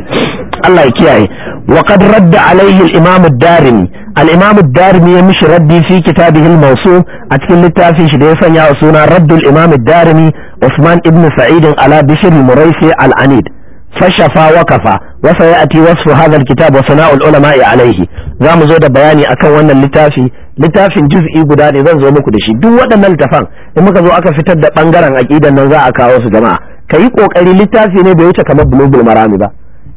Allah ya kiyaye wa qad radda Alayhi al-imam ad-darimi al-imam ad-darimi ya mishi raddi fi kitabihi al-mawsum a cikin littafin shi da ya sanya wa suna raddul imam ad-darimi Usman ibn Sa'id ala Bishr al-Muraisi al-Anid fashafa wa kafa wa sayati wasfu hadha al-kitab wa sana'u al-ulama'i alayhi zamu zo da bayani akan wannan littafi littafin juz'i guda ne zan zo muku da shi duk waɗannan littafan in muka zo aka fitar da bangaren aqidan nan za a kawo su jama'a ka yi ƙoƙari littafi ne bai wuce kamar bulugul marami ba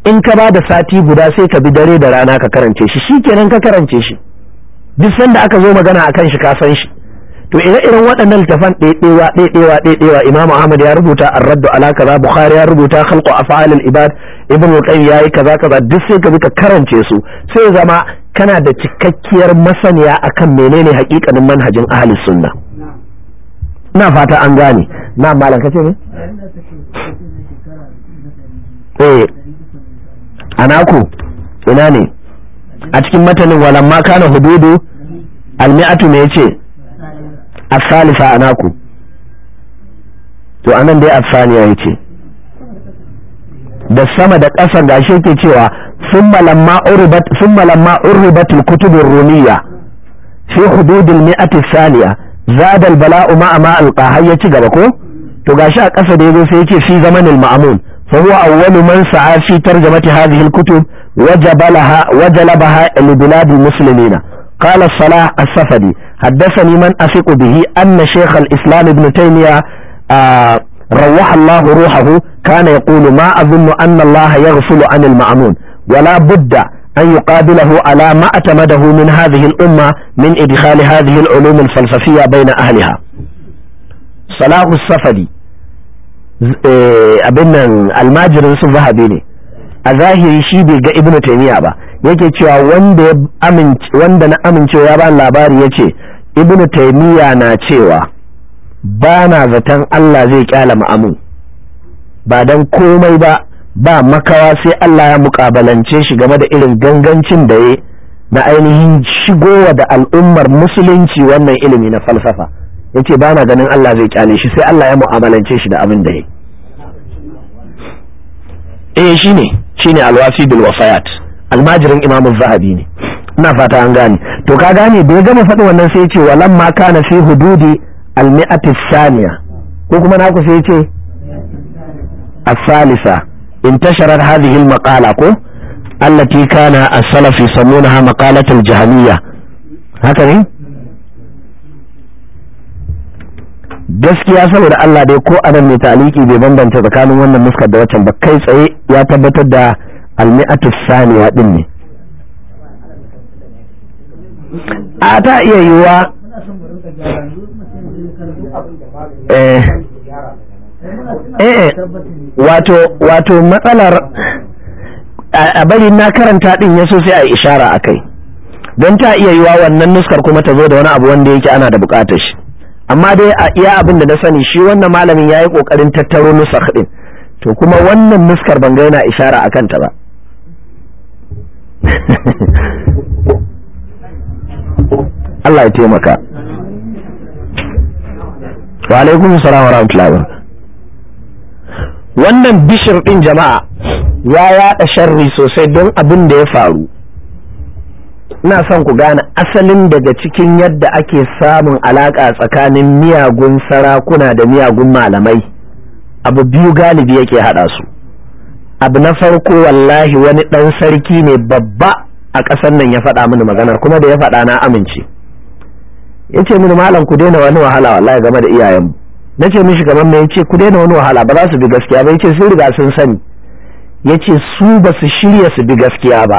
in ka ba da sati guda sai ka bi dare da rana ka karance shi shi kenan ka karance shi duk sanda aka zo magana akan shi ka san shi to ire iren waɗannan littafan ɗaiɗewa ɗaiɗewa ɗaiɗewa imamu ahmad ya rubuta ar-raddu ala kaza bukhari ya rubuta khalqu af'alil ibad ibn al ya yayi kaza kaza duk sai ka bi ka karance su sai zama kana da cikakkiyar masaniya akan menene hakikanin manhajin ahli sunna na fata an gane na malam kace ne eh anako ina ne a cikin matanin walamma kana hududu almi'atu me yace asalisa anaku to anan dai asaniya yace da sama da ƙasa ga shi yake cewa summa lamma urbat summa lamma urbat al-kutub ar-rumiyya fi hudud al-mi'ati ath-thaniya zadal bala'u ma'a ma alqa ya ci gaba ko to gashi a ƙasa da yazo sai yace fi zamanil ma'mun fa huwa awwalu man sa'a fi tarjamati hadhihi al-kutub wajabalaha wajalabaha li biladi al-muslimina qala salah as-safadi haddathani man asiqu bihi anna shaykh al-islam ibn taymiya روح الله روحه كان يقول ما أظن أن الله يغفل عن wala ولا بد أن يقابله على ما أتمده من هذه الأمة من إدخال هذه العلوم الفلسفية بين أهلها صلاح الصفدي abin الماجر almajirin ذهبيني zahabi ne a zahiri shi bai ga ibnu ba yake cewa wanda wanda na amincewa ya ba labari yace ibnu taymiya na cewa ba na zaton Allah zai kyalama ma'amu ba dan komai ba ba makawa sai Allah ya mukabalance shi game da irin gangancin da ya na ainihin shigowa da al'ummar musulunci wannan ilimi na falsafa yace ba na ganin Allah zai kyale shi sai Allah ya mu'amalance shi da abin da ya eh ne shine alwasi bil wafayat almajirin imam zahabi ne ina fata an gane to ka gane da ya gama faɗi wannan sai ya ce ma kana fi hududi al saniya ko kuma naku sai ya ce as-salisa intasharar hadhihi maqala ko allati kana as-salaf yusammunaha maqalat al-jahmiyya gaskiya saboda Allah dai ko anan mai taliki bai bambanta tsakanin wannan muskar da waccan ba kai tsaye ya tabbatar da al-mi'atu saniya din ne a ta iya yiwuwa Eh, eh wato wato matsalar a bari na karanta din yaso sai a ishara akai don ta iya yiwa wannan nuskar kuma ta zo da wani abu wanda yake ana da bukatar shi amma dai a iya abin da na sani shi wannan malamin ya yi kokarin tattaro nusar din to kuma wannan nuskar ban ga yana ishara akan ta ba Allah ya taimaka wa alaikum salam wa rahmatullahi wannan bishir ɗin jama'a ya yaɗa sharri sosai don abin da ya faru ina son ku gane asalin daga cikin yadda ake samun alaƙa tsakanin miyagun sarakuna da miyagun malamai abu biyu galibi yake haɗa su abu na farko wallahi wani ɗan sarki ne babba a ƙasar nan ya faɗa mini maganar kuma da ya faɗa na amince ya ce mini malam ku daina wani wahala wallahi game da iyayen na ce mishi kamar mai yace ku daina wani wahala ba za su bi gaskiya ba yace sun riga sun sani yace su ba su shirya su bi gaskiya ba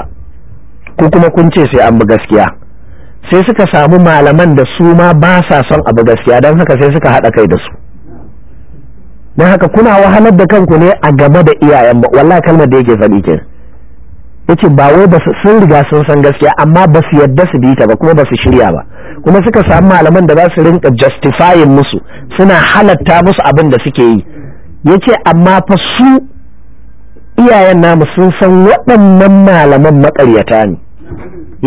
ko kuma kun ce sai an bi gaskiya sai suka samu malaman da su ma ba sa son abu gaskiya don haka sai suka haɗa kai da su don haka kuna wahalar da kanku ne a game da iyayen wallahi kalmar da yake faɗi kenan yace ba wai ba su sun riga sun san gaskiya amma ba su yadda su bi ta ba kuma ba su shirya ba kuma suka samu malaman da za su rinka justifying musu suna halatta musu abin da suke yi yace amma fa su iyayen namu sun san waɗannan malaman maƙaryata ne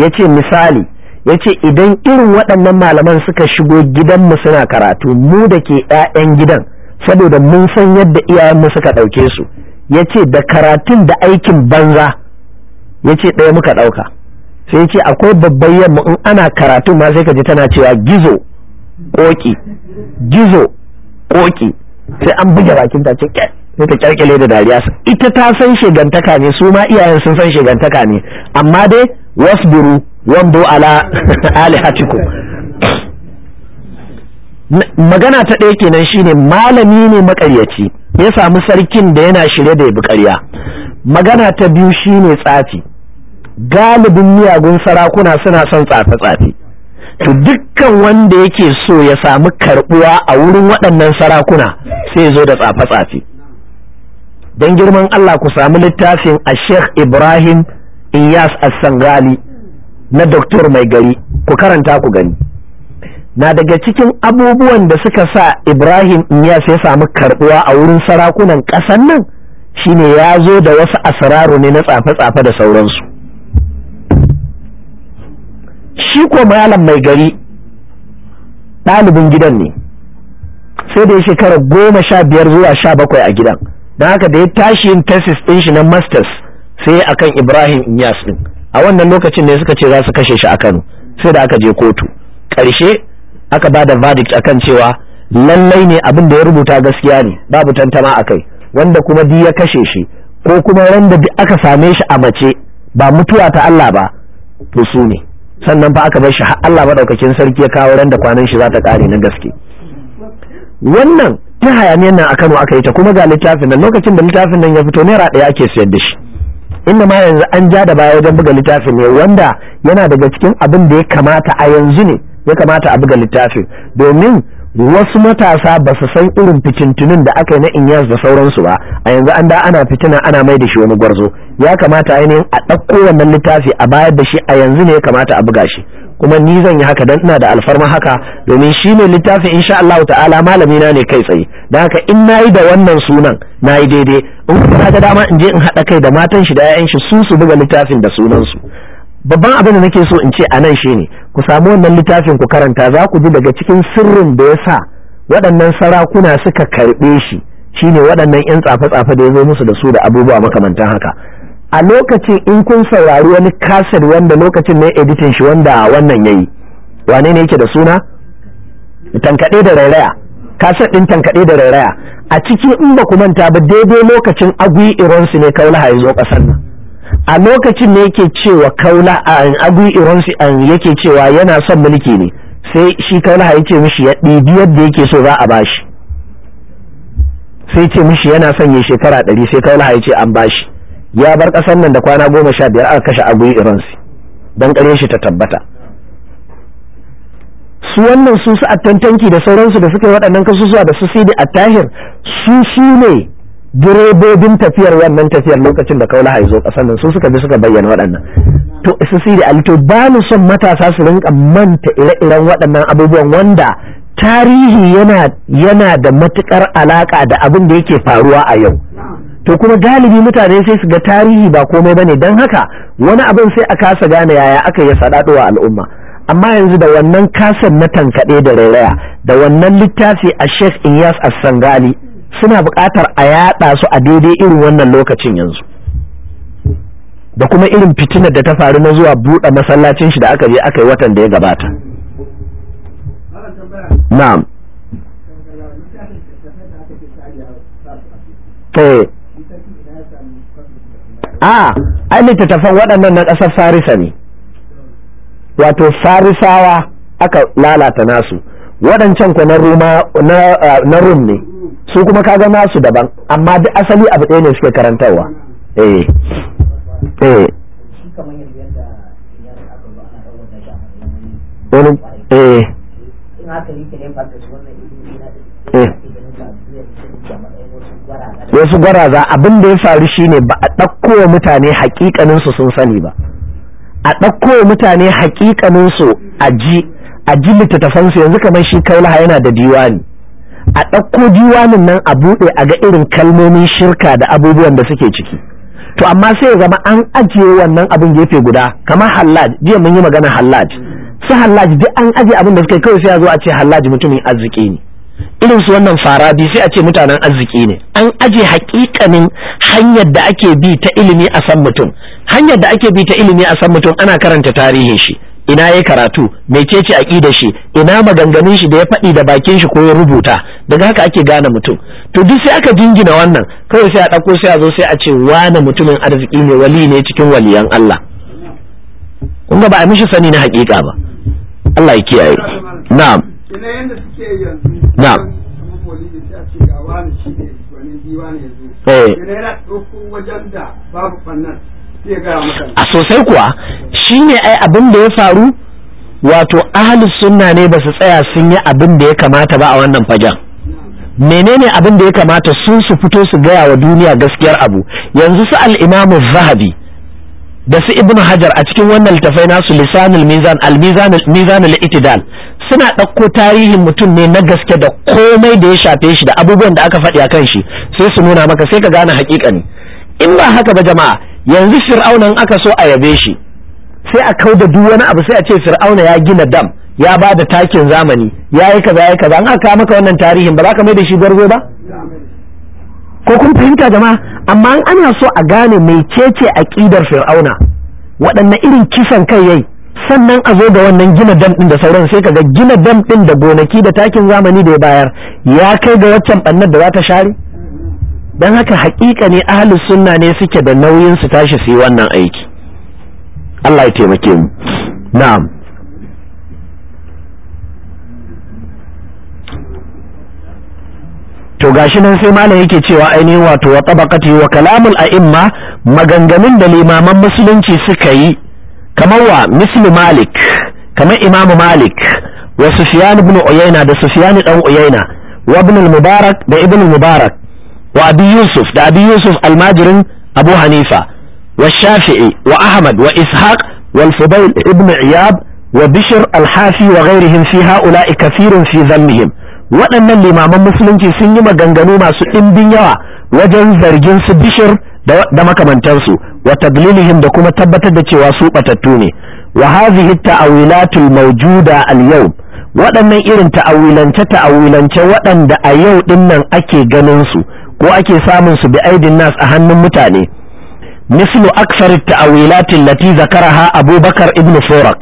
yace misali yace idan irin waɗannan malaman suka shigo gidanmu suna karatu mu da ke 'ya'yan gidan saboda mun san yadda iyayenmu suka ɗauke su yace da karatun da aikin banza ya ce ɗaya muka ɗauka sai ya ce akwai babban yamma in ana karatu ma sai ka ji tana cewa gizo ƙoƙi gizo ƙoƙi sai an buge bakin ta ce sai ta ƙyarƙyale da dariya ita ta san shegantaka ne su ma iyayen sun san shegantaka ne amma dai wasburu wando ala hatiku magana ta ɗaya kenan shine malami ne maƙaryaci ya samu sarkin da yana shirye da ya bi ƙarya magana ta biyu shine tsafi galibin miyagun sarakuna suna son tsafe-tsafe to dukkan wanda yake so ya samu karbuwa a wurin waɗannan sarakuna sai zo da tsafe-tsafe don girman Allah ku samu littafin a Sheikh Ibrahim Iyas Assangali na Doktor Mai Gari ku karanta ku gani na daga cikin abubuwan da suka sa Ibrahim Iyas ya samu karbuwa a wurin sarakunan ƙasan nan shine ya zo da wasu asararu ne na tsafe-tsafe da sauransu shi ko malam mai gari ɗalibin gidan ne sai da ya shekara goma sha biyar zuwa sha bakwai a gidan don haka da ya tashi yin tesis ɗin shi na masters sai akan ibrahim inyas ɗin a wannan lokacin ne suka ce za su kashe shi a kano sai da aka je kotu ƙarshe aka ba da verdict akan cewa lallai ne abin da ya rubuta gaskiya ne babu tantama a kai wanda kuma di ya kashe shi ko kuma wanda aka same shi a mace ba mutuwa ta Allah ba to su ne sannan fa aka bar shi har Allah madaukakin sarki ya kawo ran da kwanan shi za ta kare na gaske wannan ta hayaniyar nan a Kano aka yi ta kuma ga littafin nan lokacin da littafin nan ya fito naira ɗaya ake sayar da shi inda ma yanzu an ja da baya wajen buga littafin ne wanda yana daga cikin abin da ya kamata a yanzu ne ya kamata a buga littafin domin wasu matasa ba su san irin fitintunin da aka yi na inyas da sauransu ba a yanzu an da ana fitina ana mai da shi wani gwarzo ya kamata ainihin a ɗauko wannan littafi a bayar da shi a yanzu ne ya kamata a buga shi kuma ni zan yi haka don ina da alfarma haka domin shi ne littafin insha Allah ta'ala malami na ne kai tsaye don haka in na yi da wannan sunan na yi daidai in kuma ga dama in je in haɗa kai da matan shi da 'ya'yan shi su su buga littafin da sunansu babban abin da nake so in ce a nan ne, ku samu wannan littafin ku karanta za ku ji daga cikin sirrin da ya sa waɗannan sarakuna suka karɓe shi shine waɗannan 'yan tsafe-tsafe da ya zo musu da su da abubuwa makamantan haka a lokacin in kun saurari wani kaset wanda lokacin ne editin shi wanda wannan ya yi, wane ne yake da suna tankaɗe da rairaya kaset ɗin tankaɗe da rairaya a ciki in ba ku manta ba daidai lokacin agwi iransu ne kawai ya zo ƙasar nan a lokacin ne yake cewa kaula abu a yake cewa yana son mulki ne sai shi kaula ya ce mishi ya ɗibi yadda yake so za a bashi sai ce mishi yana son ya shekara ɗari sai kaula ya ce an bashi ya bar ƙasar nan da kwana goma sha biyar aka kashe abu iransi don ƙare shi ta tabbata su wannan su su a tantanki da sauransu da suka yi waɗannan kasusuwa da su sidi a tahir su su ne direbobin tafiyar wannan tafiyar lokacin da kaula haizo zo ƙasar nan su suka bi suka bayyana waɗannan to su da alito ba mu son matasa su rinka manta ire-iren waɗannan abubuwan wanda tarihi yana yana da matukar alaƙa da abin da yake faruwa a yau to kuma galibi mutane sai su ga tarihi ba komai bane don haka wani abin sai a kasa gane yaya aka yi a al'umma amma yanzu da wannan kasan na tankaɗe da rairaya da wannan littafi a sheikh iyas as suna buƙatar a yaɗa su a daidai irin wannan lokacin yanzu da kuma irin fitinar da ta faru na zuwa buɗe masallacin shi da aka je aka yi watan da ya gabata na'am to eh. a ai littattafan waɗannan na ƙasar farisa ne wato farisawa aka lalata nasu waɗancan ku eh, na rum ne su kuma ka kaga nasu daban amma duk asali abu ɗaya ne suke karantarwa eh eh wani eh, eh. wasu gwaraza abin da ya faru shine ba a ɗauko mutane haƙiƙaninsu sun sani ba a ɗauko mutane haƙiƙaninsu a ji a ji littattafansu yanzu kamar shi kaulaha yana da diwani a ɗauko diwanin nan a buɗe a ga irin kalmomin shirka da abubuwan da suke ciki to amma sai ya zama an ajiye wannan abin gefe guda kamar hallaj jiya mun yi magana hallaj su hallaj duk an ajiye abin da suka kawai sai ya zo a ce hallaj mutumin arziki ne irin su wannan faradi sai a ce mutanen arziki ne an ajiye hakikanin hanyar da ake bi ta ilimi a san mutum hanyar da ake bi ta ilimi a san mutum ana karanta tarihin shi ina ya karatu mecece aqida shi ina maganganun shi da ya faɗi da bakin shi ko ya rubuta daga haka ake gane mutum to duk sai aka jingina wannan kawai sai a ɗauko sai a zo sai a ce wane mutumin arziki ne wali ne cikin waliyan Allah kun ga ba a mishi sani na hakika ba Allah ya kiyaye na'am ina yanda suke yanzu na'am Eh. wajen da babu fannan a sosai kuwa shi ne ai abin da ya faru wato ahalus sunna ne ba su tsaya sun yi abin da ya kamata ba a wannan fajar. menene abin da ya kamata sun su fito su gaya wa duniya gaskiyar abu yanzu su al'imamu zahabi da su Ibn hajar a cikin wannan littafai nasu lisanul mizan al-mizanul itidal suna ɗauko tarihin mutum ne na gaske da komai da ya shafe shi da abubuwan da aka faɗi a kan shi sai su nuna maka sai ka gane haƙiƙa ne in ba haka ba jama'a yanzu fir'auna aka so a yabe shi sai a kau da duk wani abu sai a ce fir'auna ya gina dam ya ba da takin zamani ya yi kaza ya kaza an aka maka wannan tarihin ba za ka mai da shi gwarzo ba ko kun fahimta ma amma an ana so a gane mai cece aƙidar fir'auna waɗanne irin kisan kai yayi sannan a zo da wannan gina dam ɗin da sauran sai kaga gina dam ɗin da gonaki da takin zamani da ya bayar ya kai ga waccan ɓannar da za ta share don haka haƙiƙa ne ahlus sunna ne suke da nauyin su tashi su yi wannan aiki Allah ya taimake mu na'am to gashi nan sai malam yake cewa ainihin wato wa tabaqati wa kalamul a'imma maganganun da limaman musulunci suka yi kamar wa mislu malik kamar imam malik wa sufyan ibn uyayna da sufyan dan uyayna wa ibn al-mubarak da ibn al-mubarak wa abi yusuf da abi yusuf almajirin abu hanifa wa shafi'i wa ahmad wa ishaq wal fudail ibn iyab wa bishr al-hafi wa ghairihim fi ha'ula'i kathirun fi dhammihim waɗannan limaman musulunci sun yi ma ganganu masu ɗimbin yawa wajen zargin su bishir da makamantansu wa taglilihim da kuma tabbatar da cewa su batattu ne wa hadhihi ta'awilatul mawjuda al-yawm waɗannan irin ta'awilance ta'awilance waɗanda a yau ɗinnan ake ganin su ko ake samun su bi aidin nas a hannun mutane mislu aksar ta'awilatin lati zakaraha abubakar ibnu forak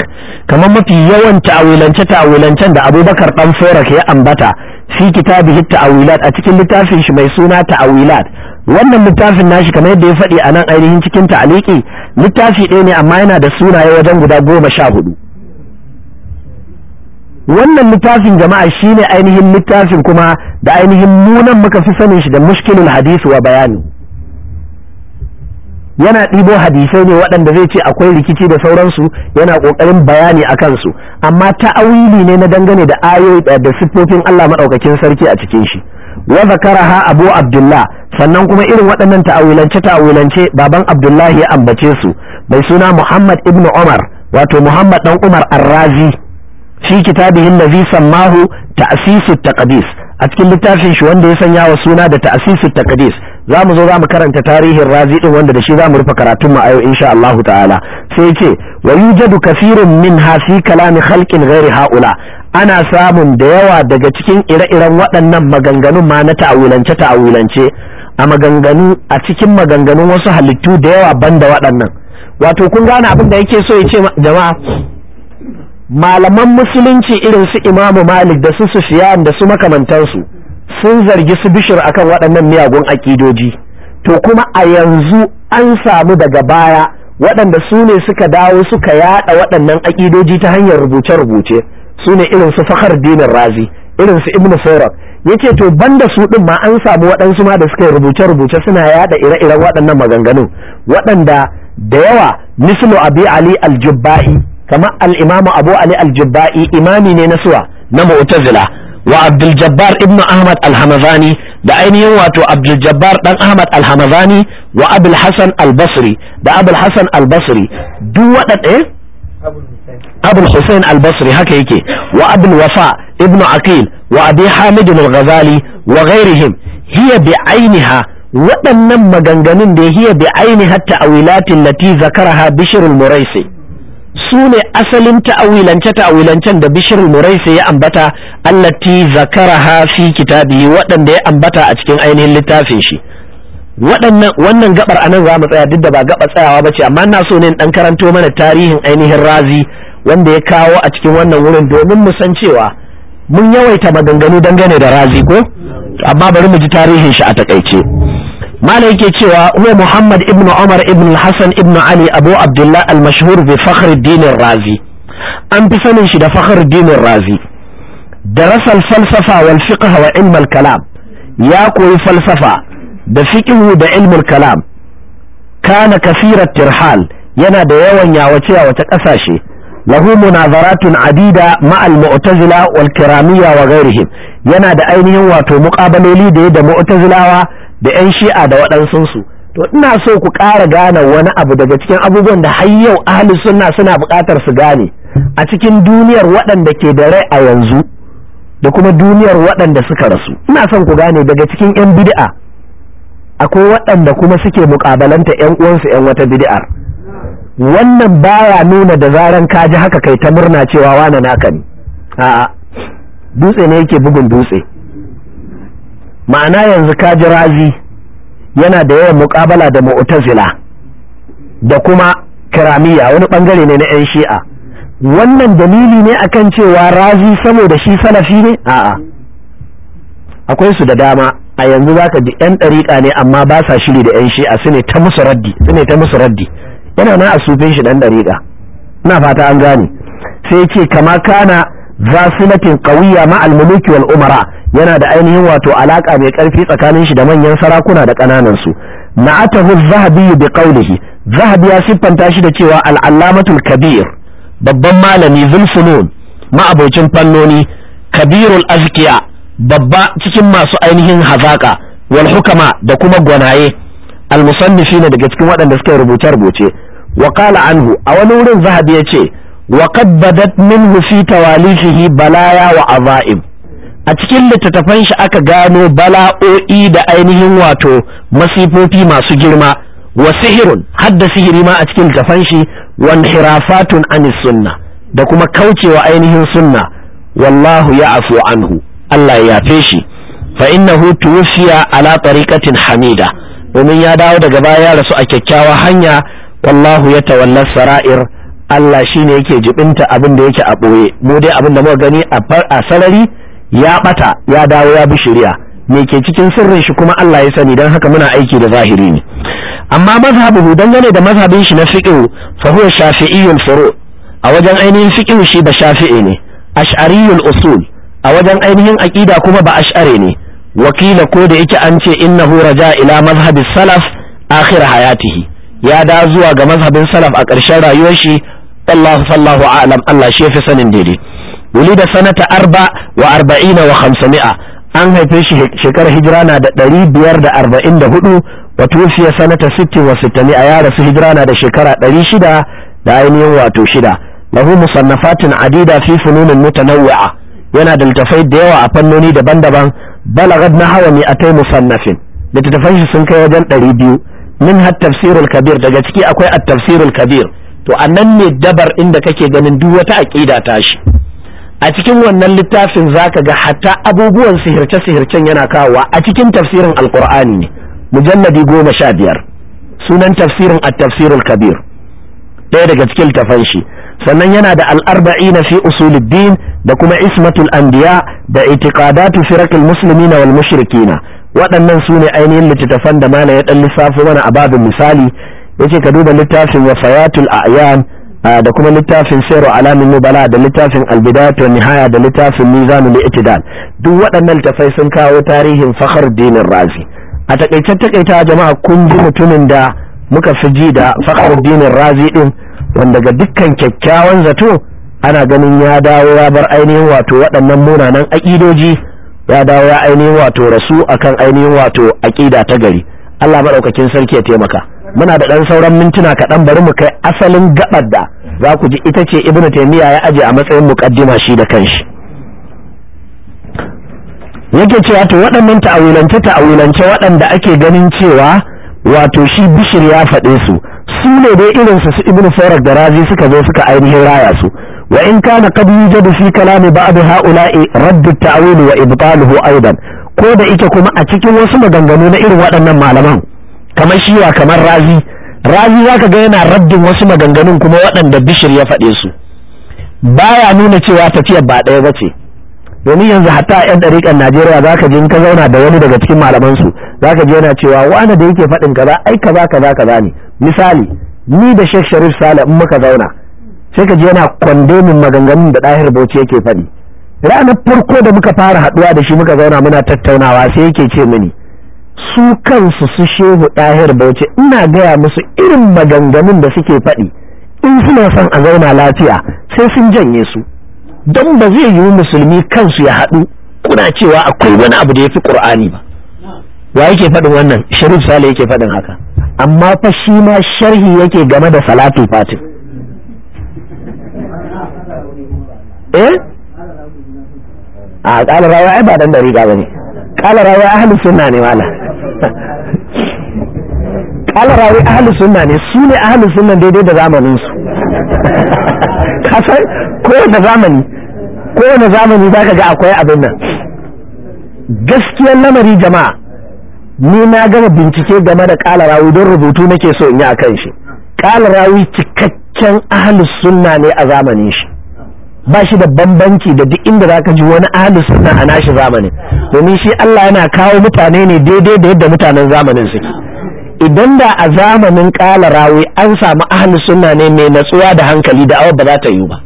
kamar mafi yawan ta'awilance ta'awilancen da abubakar dan forak ya ambata fi kitabihi ta'awilat a cikin littafin shi mai suna ta'awilat wannan littafin nashi kamar yadda ya faɗi a nan ainihin cikin ta'aliki littafi ɗaya ne amma yana da sunaye wajen guda goma sha hudu wannan littafin jama'a shine ainihin littafin kuma da ainihin munan muka fi sanin shi da mushkilul hadisi wa bayani yana ɗibo hadisai ne waɗanda zai ce akwai rikici da sauransu yana ƙoƙarin bayani a kansu amma ta'awili ne na dangane da ayoyi eh, da siffofin Allah maɗaukakin sarki a cikin shi wa zakaraha abu abdullah sannan kuma irin waɗannan ta'awilance ta'awilance baban abdullahi ya ambace su mai suna muhammad ibnu umar wato muhammad dan umar arrazi shi kitabihin lazi sammahu ta taqdis a cikin littafin shi wanda ya sanya wa suna da ta taqdis za mu zo za mu karanta tarihin razi din wanda da shi za mu rufe karatun mu a insha Allah ta'ala sai ya ce wa yujadu kasirun min hasi kalami khalqin ghairi haula ana samun da yawa daga cikin ire-iren waɗannan maganganun ma na ta'awulance-ta'awulance a maganganu a cikin maganganun wasu halittu da yawa banda waɗannan wato kun gane abin da yake so ya ce jama'a malaman musulunci irin su imamu malik da su sufiyan da su makamantansu sun zargi su bishir akan waɗannan miyagun akidoji to kuma a yanzu an samu daga baya waɗanda su ne suka dawo suka yaɗa waɗannan akidoji ta hanyar rubuce-rubuce su ne irin su fahar dinin razi irin su ibnu sauran ya ce to banda su ɗin ma an samu waɗansu ma da suka yi rubuce-rubuce suna yaɗa ire-iren waɗannan maganganun waɗanda da yawa mislu abi ali aljubba'i kama al-imamu abu ali al-jubba'i imami ne na suwa na mu'tazila wa abdul jabbar ibn ahmad al-hamazani da ainihin wato abdul jabbar dan ahmad al-hamazani wa abul hasan al-basri da abul hasan al-basri duk waɗanda eh? abul hussein al-basri haka yake wa abul wafa ibn aqil wa abi hamid al-ghazali wa ghairihim hiya bi ainiha waɗannan maganganun da hiya bi ainiha ta'awilatin lati zakaraha bishr al-muraisi su ne asalin ta'awilance ta'awilancen da bishirul muraisi ya ambata allati zakaraha fi kitabihi waɗanda ya ambata a cikin ainihin littafin shi waɗannan wannan gabar anan za mu tsaya duk da ba gaba tsayawa ba ce amma na so ne in ɗan karanto mana tarihin ainihin razi wanda ya kawo a cikin wannan wurin domin mu san cewa mun yawaita maganganu dangane da razi ko amma bari mu ji tarihin shi a takaice mala yake cewa huwa muhammad ibn umar ibn hassan ibn ali abu abdullah al-mashhur bi dinin razi an fi sanin shi da dinin razi درس الفلسفة والفقه وعلم kalam ya koyi falsafa da fiƙihu da ilmul kalam kana kasirar tirhal yana da yawan yawace a wata ƙasashe lahu munazaratun adida ma'al mu'tazila wal kiramiyya wa ghairihim yana da ainihin wato muƙabaloli da da mu'tazilawa da 'yan shi'a da waɗansunsu to ina so ku ƙara gane wani abu daga cikin abubuwan da har yau ahli sunna suna buƙatar su gane a cikin duniyar waɗanda ke da rai a yanzu da kuma duniyar waɗanda suka rasu ina son ku gane daga cikin 'yan bid'a akwai waɗanda kuma suke muƙabalanta 'yan uwansu 'yan wata bid'ar wannan baya nuna da zaran ka ji haka kai ta murna cewa wane naka ne a'a dutse ne yake bugun dutse ma'ana yanzu kaji razi yana da yawan muƙabala da mu'tazila da kuma kiramiya wani bangare ne na 'yan shi'a wannan dalili ne akan cewa razi saboda shi salafi ne a'a akwai su da dama a yanzu zaka ji 'yan ɗariƙa ne amma ba sa shiri da 'yan shi'a su ne ta musu raddi su ta musu raddi yana na a shi ɗan ɗariƙa ina fata an gane sai yake kama kana zasilatin qawiyya ma al wal umara yana da ainihin wato alaka mai karfi tsakanin shi da manyan sarakuna da kananan su na'atahu az-zahabi bi qawlihi zahabi ya siffanta shi da cewa al-allamatul kabir babban malami zulfunun ma'abocin fannoni kabirul azkiya babba cikin masu ainihin hazaka wal hukama da kuma gwanaye al-musannifina daga cikin waɗanda suka rubuce rubuce wa qala anhu a wani wurin zahabi ce. wa qad badat minhu fi tawalifihi balaya wa azaim a cikin littattafan shi aka gano bala'o'i da ainihin wato masifofi masu girma wa sihirun hadda sihiri ma a cikin littattafan shi wa hirafatun anis sunna da kuma kaucewa ainihin sunna wallahu ya afu anhu Allah ya yafe shi fa innahu tuwfiya ala tariqatin hamida domin ya dawo daga baya ya rasu a kyakkyawar hanya wallahu ya tawalla sara'ir Allah shi ne yake jibinta abin da yake a ɓoye mu dai abin da muka gani a sarari ya ɓata ya dawo ya bi shari'a me ke cikin sirrin shi kuma Allah ya sani don haka muna aiki da zahiri ne amma mazhabuhu dangane da mazhabin shi na fiqh fa huwa shafi'iyyun furu a wajen ainihin fiqh shi ba shafi'i ne ash'ariyyul usul a wajen ainihin aqida kuma ba ash'ari ne wakila ko da yake an ce innahu raja ila mazhabis salaf akhir hayatihi ya da zuwa ga mazhabin salaf a ƙarshen rayuwar shi wallahu fallahu a'lam Allah shi yafi sanin daidai da sanata arba wa arba'ina wa khamsami'a an haife shi shekarar hijira na da ɗari biyar da arba'in da hudu wa tufiya sanata sittin wa sittani a yara su hijira na da shekara ɗari shida da ainihin wato shida lahu musannafatin adida fi fununin mutanawwi'a yana da littafai da yawa a fannoni daban-daban balagad na hawa ne a tai musannafin littattafan shi sun kai wajen ɗari biyu min har tafsirul kabir daga ciki akwai at tafsirul kabir to anan ne dabar inda kake ganin duk wata aƙida ta shi a cikin wannan littafin ka ga hatta abubuwan sihirce-sihircen yana kawowa a cikin tafsirin alkur'ani ne mujalladi goma sha biyar sunan tafsirin a tafsirul kabir ɗaya daga cikin littafan shi sannan yana da al'arba'i na fi usuluddin da kuma ismatul anbiya da itiqadatu firakil na wal mushrikina waɗannan su ne ainihin littattafan da mala ya ɗan lissafo mana a babin misali yace ka duba littafin wafayatul a'yan da kuma littafin sayar alamin nubala da littafin albidayat wa nihaya da littafin mizanul i'tidal duk waɗannan tafai sun kawo tarihin fakhar dinin razi a takaice-takaice takaita jama'a kun ji mutumin da muka fi ji da fakhar dinin razi din wanda ga dukkan kyakkyawan zato ana ganin ya dawo ya bar ainihin wato waɗannan munanan aƙidoji ya dawo ya ainihin wato rasu akan ainihin wato aƙida ta gari Allah maɗaukakin sarki ya taimaka muna da ɗan sauran mintuna kaɗan bari mu kai asalin gaɓar da za ku ji ita ce ibnu taimiyya ya aje a matsayin muƙaddima shi da kanshi yake cewa to waɗannan ta'awilance ta'awilance waɗanda ake ganin cewa wato shi bishir ya faɗe su su ne dai irinsu su ibnu farak da razi suka zo suka ainihin raya su wa in kana qad yujadu fi kalami ba'd ha'ula'i radd at-ta'wil wa ibtaluhu aidan ko da ike kuma a cikin wasu maganganu na irin waɗannan malaman kamar shiwa kamar razi razi za ka ga yana raddin wasu maganganun kuma waɗanda bishir ya faɗe su baya nuna cewa tafiyar ba ɗaya ba ce domin yanzu hatta yan ɗariƙar Najeriya za ka ji ka zauna da wani daga cikin malaman su za ka ji yana cewa wani da yake faɗin kaza ai kaza kaza kaza ne misali ni da Sheikh Sharif Sale in muka zauna sai ka ji yana kwandemin maganganun da ɗahir Bauchi yake faɗi ranar farko da muka fara haɗuwa da shi muka zauna muna tattaunawa sai yake ce mini su kansu su shehu ɗahir bauchi ina gaya musu irin maganganun da suke faɗi in suna son a zauna lafiya sai sun janye su don ba zai yiwu musulmi kansu ya haɗu kuna cewa akwai wani abu da ya fi ƙur'ani ba wa yake faɗin wannan sharif sale yake faɗin haka amma fa shi ma sharhi yake game da salatu fatin eh a ƙala rawa ai ba dan dariƙa bane ƙala rawa ahlus sunna ne mala kalarawi ahalus sunna ne su ne ahalus sunna daidai da zamanin su kasar kowane zamani kowane zamani za ka ga akwai abin nan gaskiyar lamari jama'a ni na gama bincike game da kalarawi don rubutu nake so in yi a kan shi kalarawi cikakken ahalus sunna ne a zamanin shi ba shi da bambanci da duk inda za ka ji wani ahlus suna a nashi zamanin domin shi Allah yana kawo mutane ne daidai da yadda mutanen zamanin suke idan da a zamanin kala rawi an samu ahlus sunna ne mai natsuwa da hankali da awar ba za ta yi ba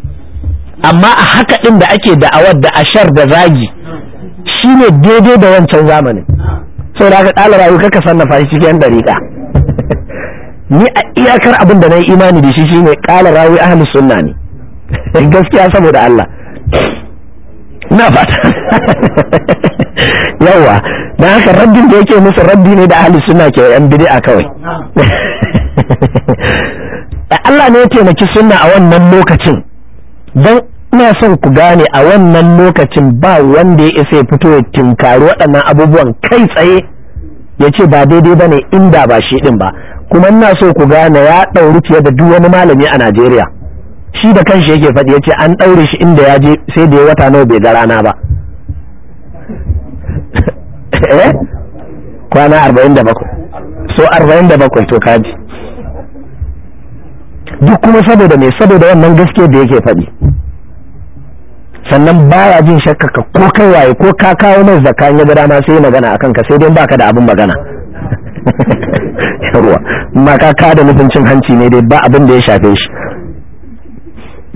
amma a haka ɗin da ake da'awar da ashar da zagi shine daidai da wancan zamanin sau da aka kala rawi kaka sannafa shi cikin dariƙa ni a iyakar abin da na yi imani da shi shine kala rawi ahlus sunna ne Eh, gaskiya saboda Allah na fata yawa da haka rabbin da yake musu rabbi ne da ahli suna ke yan bid'a kawai eh, Allah ne ya taimaki sunna a wannan lokacin don ina son ku gane a wannan lokacin ba wanda ya isa ya fito ya tinkari waɗannan abubuwan kai tsaye ya ce ba daidai ba ne inda ba shi ɗin ba kuma ina so ku gane ya ɗauri fiye da duk wani malami a Najeriya shi da kanshi yake faɗi ya ce an ɗaure shi inda ya je sai da ya wata nawa bai ga rana ba eh? kwana arba'in da bakwai so arba'in da bakwai to kaji duk kuma saboda me saboda wannan gaske da yake faɗi sannan baya jin shakka ka ko kai waye ko ka kawo mai zakka ya gada ma sai magana akan ka sai dai baka da abin magana yawa ma ka ka da nufin cin hanci ne dai ba abin da ya shafe shi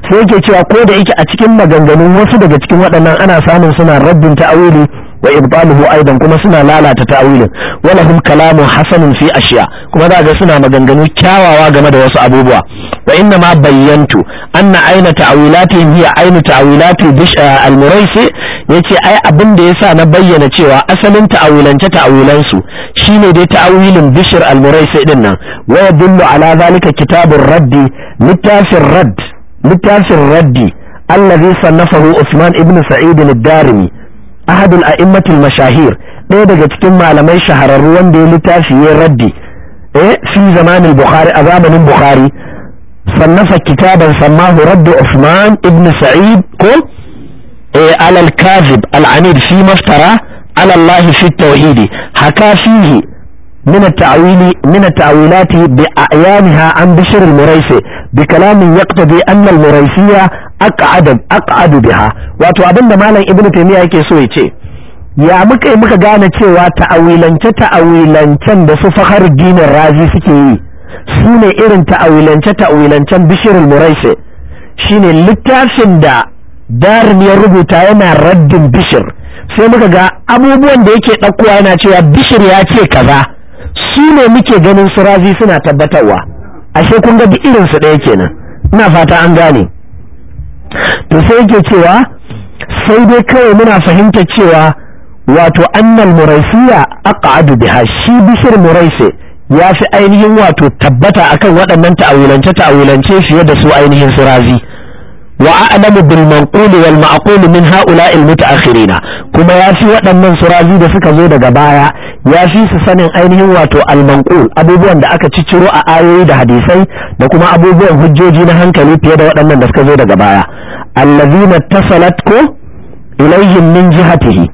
sai yake cewa ko da yake a cikin maganganu wasu daga cikin waɗannan ana samun suna rabbin ta'awili wa ibdaluhu aidan kuma suna lalata ta'awilin wala hum kalamun hasanun fi ashiya kuma za ga suna maganganu kyawawa game da wasu abubuwa wa inna ma bayyantu anna aina ta'awilatihim hiya aina ta'awilati bish eh, al-muraisi yace ai abin da yasa na bayyana cewa asalin ta'awulance ta'awulan su shine dai ta'awilin bishiyar al-muraisi din nan wa yadullu ala zalika kitabur raddi littafin radd littafin raddi allazi sannafahu Usman ibn Sa'id al-Darimi ahad al-a'immat al-mashahir ɗaya daga cikin malamai shahararru wanda ya littafi ya raddi eh fi zamanin Bukhari a zamanin Bukhari sannafa kitaban sammahu radd Usman ibn Sa'id ko e alal kazib al'anid fi maftara ala Allah fi tauhid haka fihi min at-ta'wili min at-ta'wilati bi a'yanha an bishr al-muraisi bi kalam yaqtadi an al biha wato abinda malam Ibnu taymiya yake so yace ya muka yi muka gane cewa ta'wilance ta'wilancen da su fakar dinin razi suke yi sune irin ta'wilance ta'wilancen bishr al-muraisi shine littafin da darin ya rubuta yana raddin bishir sai muka ga abubuwan da yake ɗaukowa yana cewa bishir ya ce kaza su ne muke ganin su surazi suna tabbatarwa ashe kun ga irin su ɗaya kenan ina fata an gane to sai yake cewa sai dai kawai muna fahimta cewa wato annal muraisiya aqadu biha shi bishir muraisi ya fi ainihin wato tabbata akan waɗannan ta'awilance ta'awilance fiye da su ainihin surazi وأعلم بالمنقول والمعقول من هؤلاء المتأخرين كما يافي waɗannan surazi da suka zo daga baya ya fi su sanin ainihin wato almanqul abubuwan da aka cicciro a ayoyi da hadisai da kuma abubuwan hujjoji na hankali fiye da waɗannan da suka zo daga baya allazina tasalat ko ilayhim min jihatihi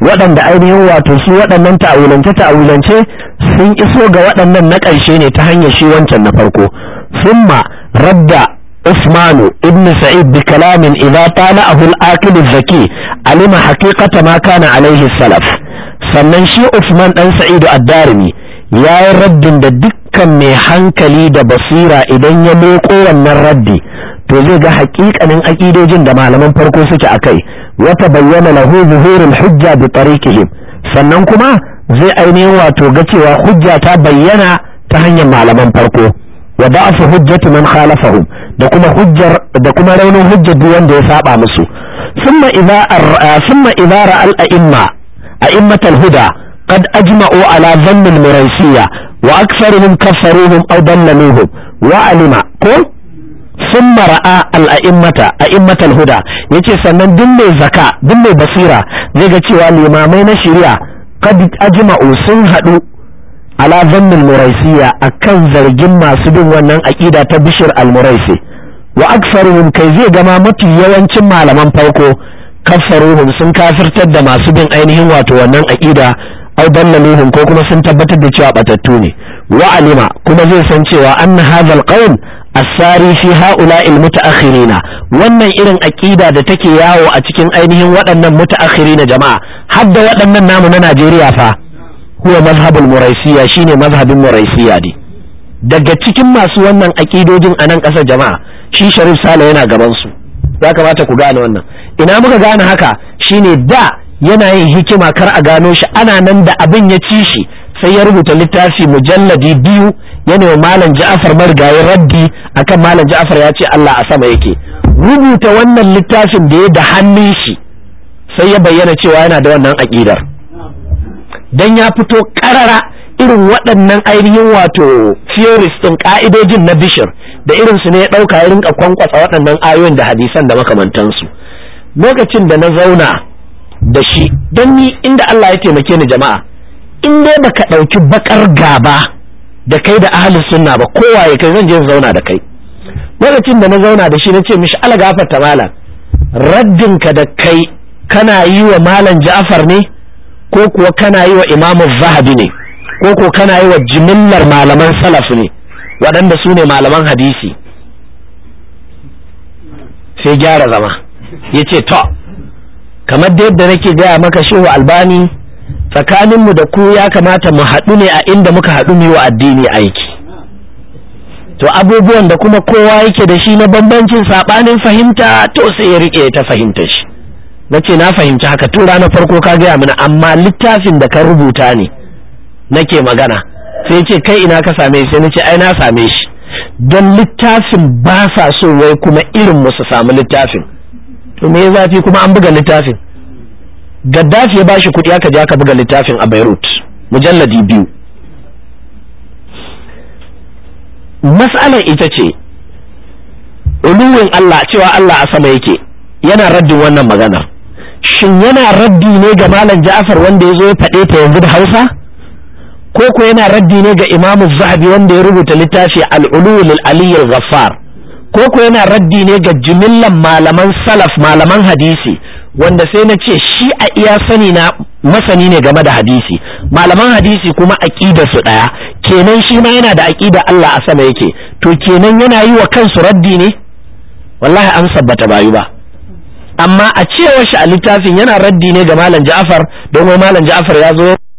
waɗanda ainihin wato su waɗannan ta'awulance ta'awulance sun iso ga waɗannan na ƙarshe ne ta hanyar shi wancan na farko summa radda عثمان ابن سعيد بكلام إذا طالعه الآكل الذكي علم حقيقة ما كان عليه السلف sannan shi usman ɗan Sa'idu Addarimi ya yi raddin da dukkan mai hankali da basira idan ya leko wannan raddi to zai ga haƙiƙanin aƙidojin da malaman farko suke a kai wata bayyana lahu zuhurul hujja bi tariqihim sannan kuma zai ainihin wato ga cewa hujja ta bayyana ta hanyar malaman farko wa da'fu hujjati man khalafahum da kuma hujjar da kuma raunin hujjar duk wanda ya saba musu thumma idza thumma idza ra'al a'imma a'immatal huda قد أجمعوا على wa المريسية وأكثرهم كفروهم أو ضللوهم وعلم ko sun mara'a al'a'immata a'immatal huda yace sannan duk mai zaka duk mai basira zai ga cewa limamai na shari'a kad ajma'u sun haɗu ala zannin muraisiya akan zargin masu bin wannan aƙida ta bishir al-muraisi wa aksaruhum kai zai gama mafi yawancin malaman farko kaffaruhum sun kafirtar da masu bin ainihin wato wannan aƙida au dallaluhum ko kuma sun tabbatar da cewa batattu ne wa alima kuma zai san cewa anna hadha al-qawl asari fi ha'ula'il mutaakhirina wannan irin aƙida da take yawo a cikin ainihin waɗannan mutaakhirina jama'a hadda waɗannan namu na Najeriya fa huwa mazhabul muraisiya shine mazhabin muraisiya ne daga cikin masu wannan aƙidojin a nan ƙasar jama'a shi sharif sale yana gaban su ya kamata ku gane wannan ina muka gane haka shine da yana yin hikima kar a gano shi ana nan da abin ya ci shi sai ya rubuta littafi mujalladi biyu yana wa malam Jafar marigayi raddi akan malam ja'afar ya ce Allah a sama yake rubuta wannan littafin da ya da hannun shi sai ya bayyana cewa yana da wannan aƙidar dan ya fito karara irin waɗannan ainihin wato theories ɗin ka'idojin na bishir da irin su ne ya ɗauka ya rinka kwankwasa waɗannan ayoyin da hadisan da makamantansu lokacin da na zauna da shi don ni inda Allah ya taimake ni jama'a in dai baka ɗauki bakar gaba da kai da ahalin sunna ba kowa ya kai zan je zauna da kai lokacin da na zauna da shi na ce mishi ala gafarta malam raddinka da kai kana yi wa malam ja'far ne ko kuwa kana yi wa imamun zahabi ne ko ko kana yi wa jimillar malaman salaf ne waɗanda su ne malaman hadisi sai gyara zama ya ce to kamar da yadda nake gaya maka shehu albani tsakaninmu da ku ya kamata mu haɗu ne a inda muka haɗu mu yi wa addini aiki to abubuwan da kuma kowa yake da shi na bambancin saɓanin fahimta to sai ya riƙe ta fahimta shi na ce na fahimci haka tun ranar farko ka gaya mana amma littafin da ka rubuta ne nake magana sai ce kai ina ka same shi sai na ce ai na same shi don littafin ba sa so wai kuma irin mu su samu littafin to me zafi kuma an buga littafin gaddafi ya bashi kuɗi aka je aka buga littafin a beirut mujalladi biyu mas'alar ita ce uluwin allah cewa allah a sama yake yana raddin wannan maganar shin yana raddi ne ga malam ja'afar wanda ya zo ya faɗe ta yanzu da hausa ko ko yana raddi ne ga imamu zahabi wanda ya rubuta littafi Al'ulul Aliyu gafar ghaffar ko ko yana raddi ne ga jimillan malaman salaf malaman hadisi wanda sai na ce shi a iya sani na masani ne game da hadisi malaman hadisi kuma aqida su daya kenan shi ma yana da aqida Allah a sama yake to kenan yana yi wa kansu raddi ne wallahi an sabbata bayu ba amma a cewar shi a littafin yana raddi ne ga malam Ja'far don malam Ja'far ya zo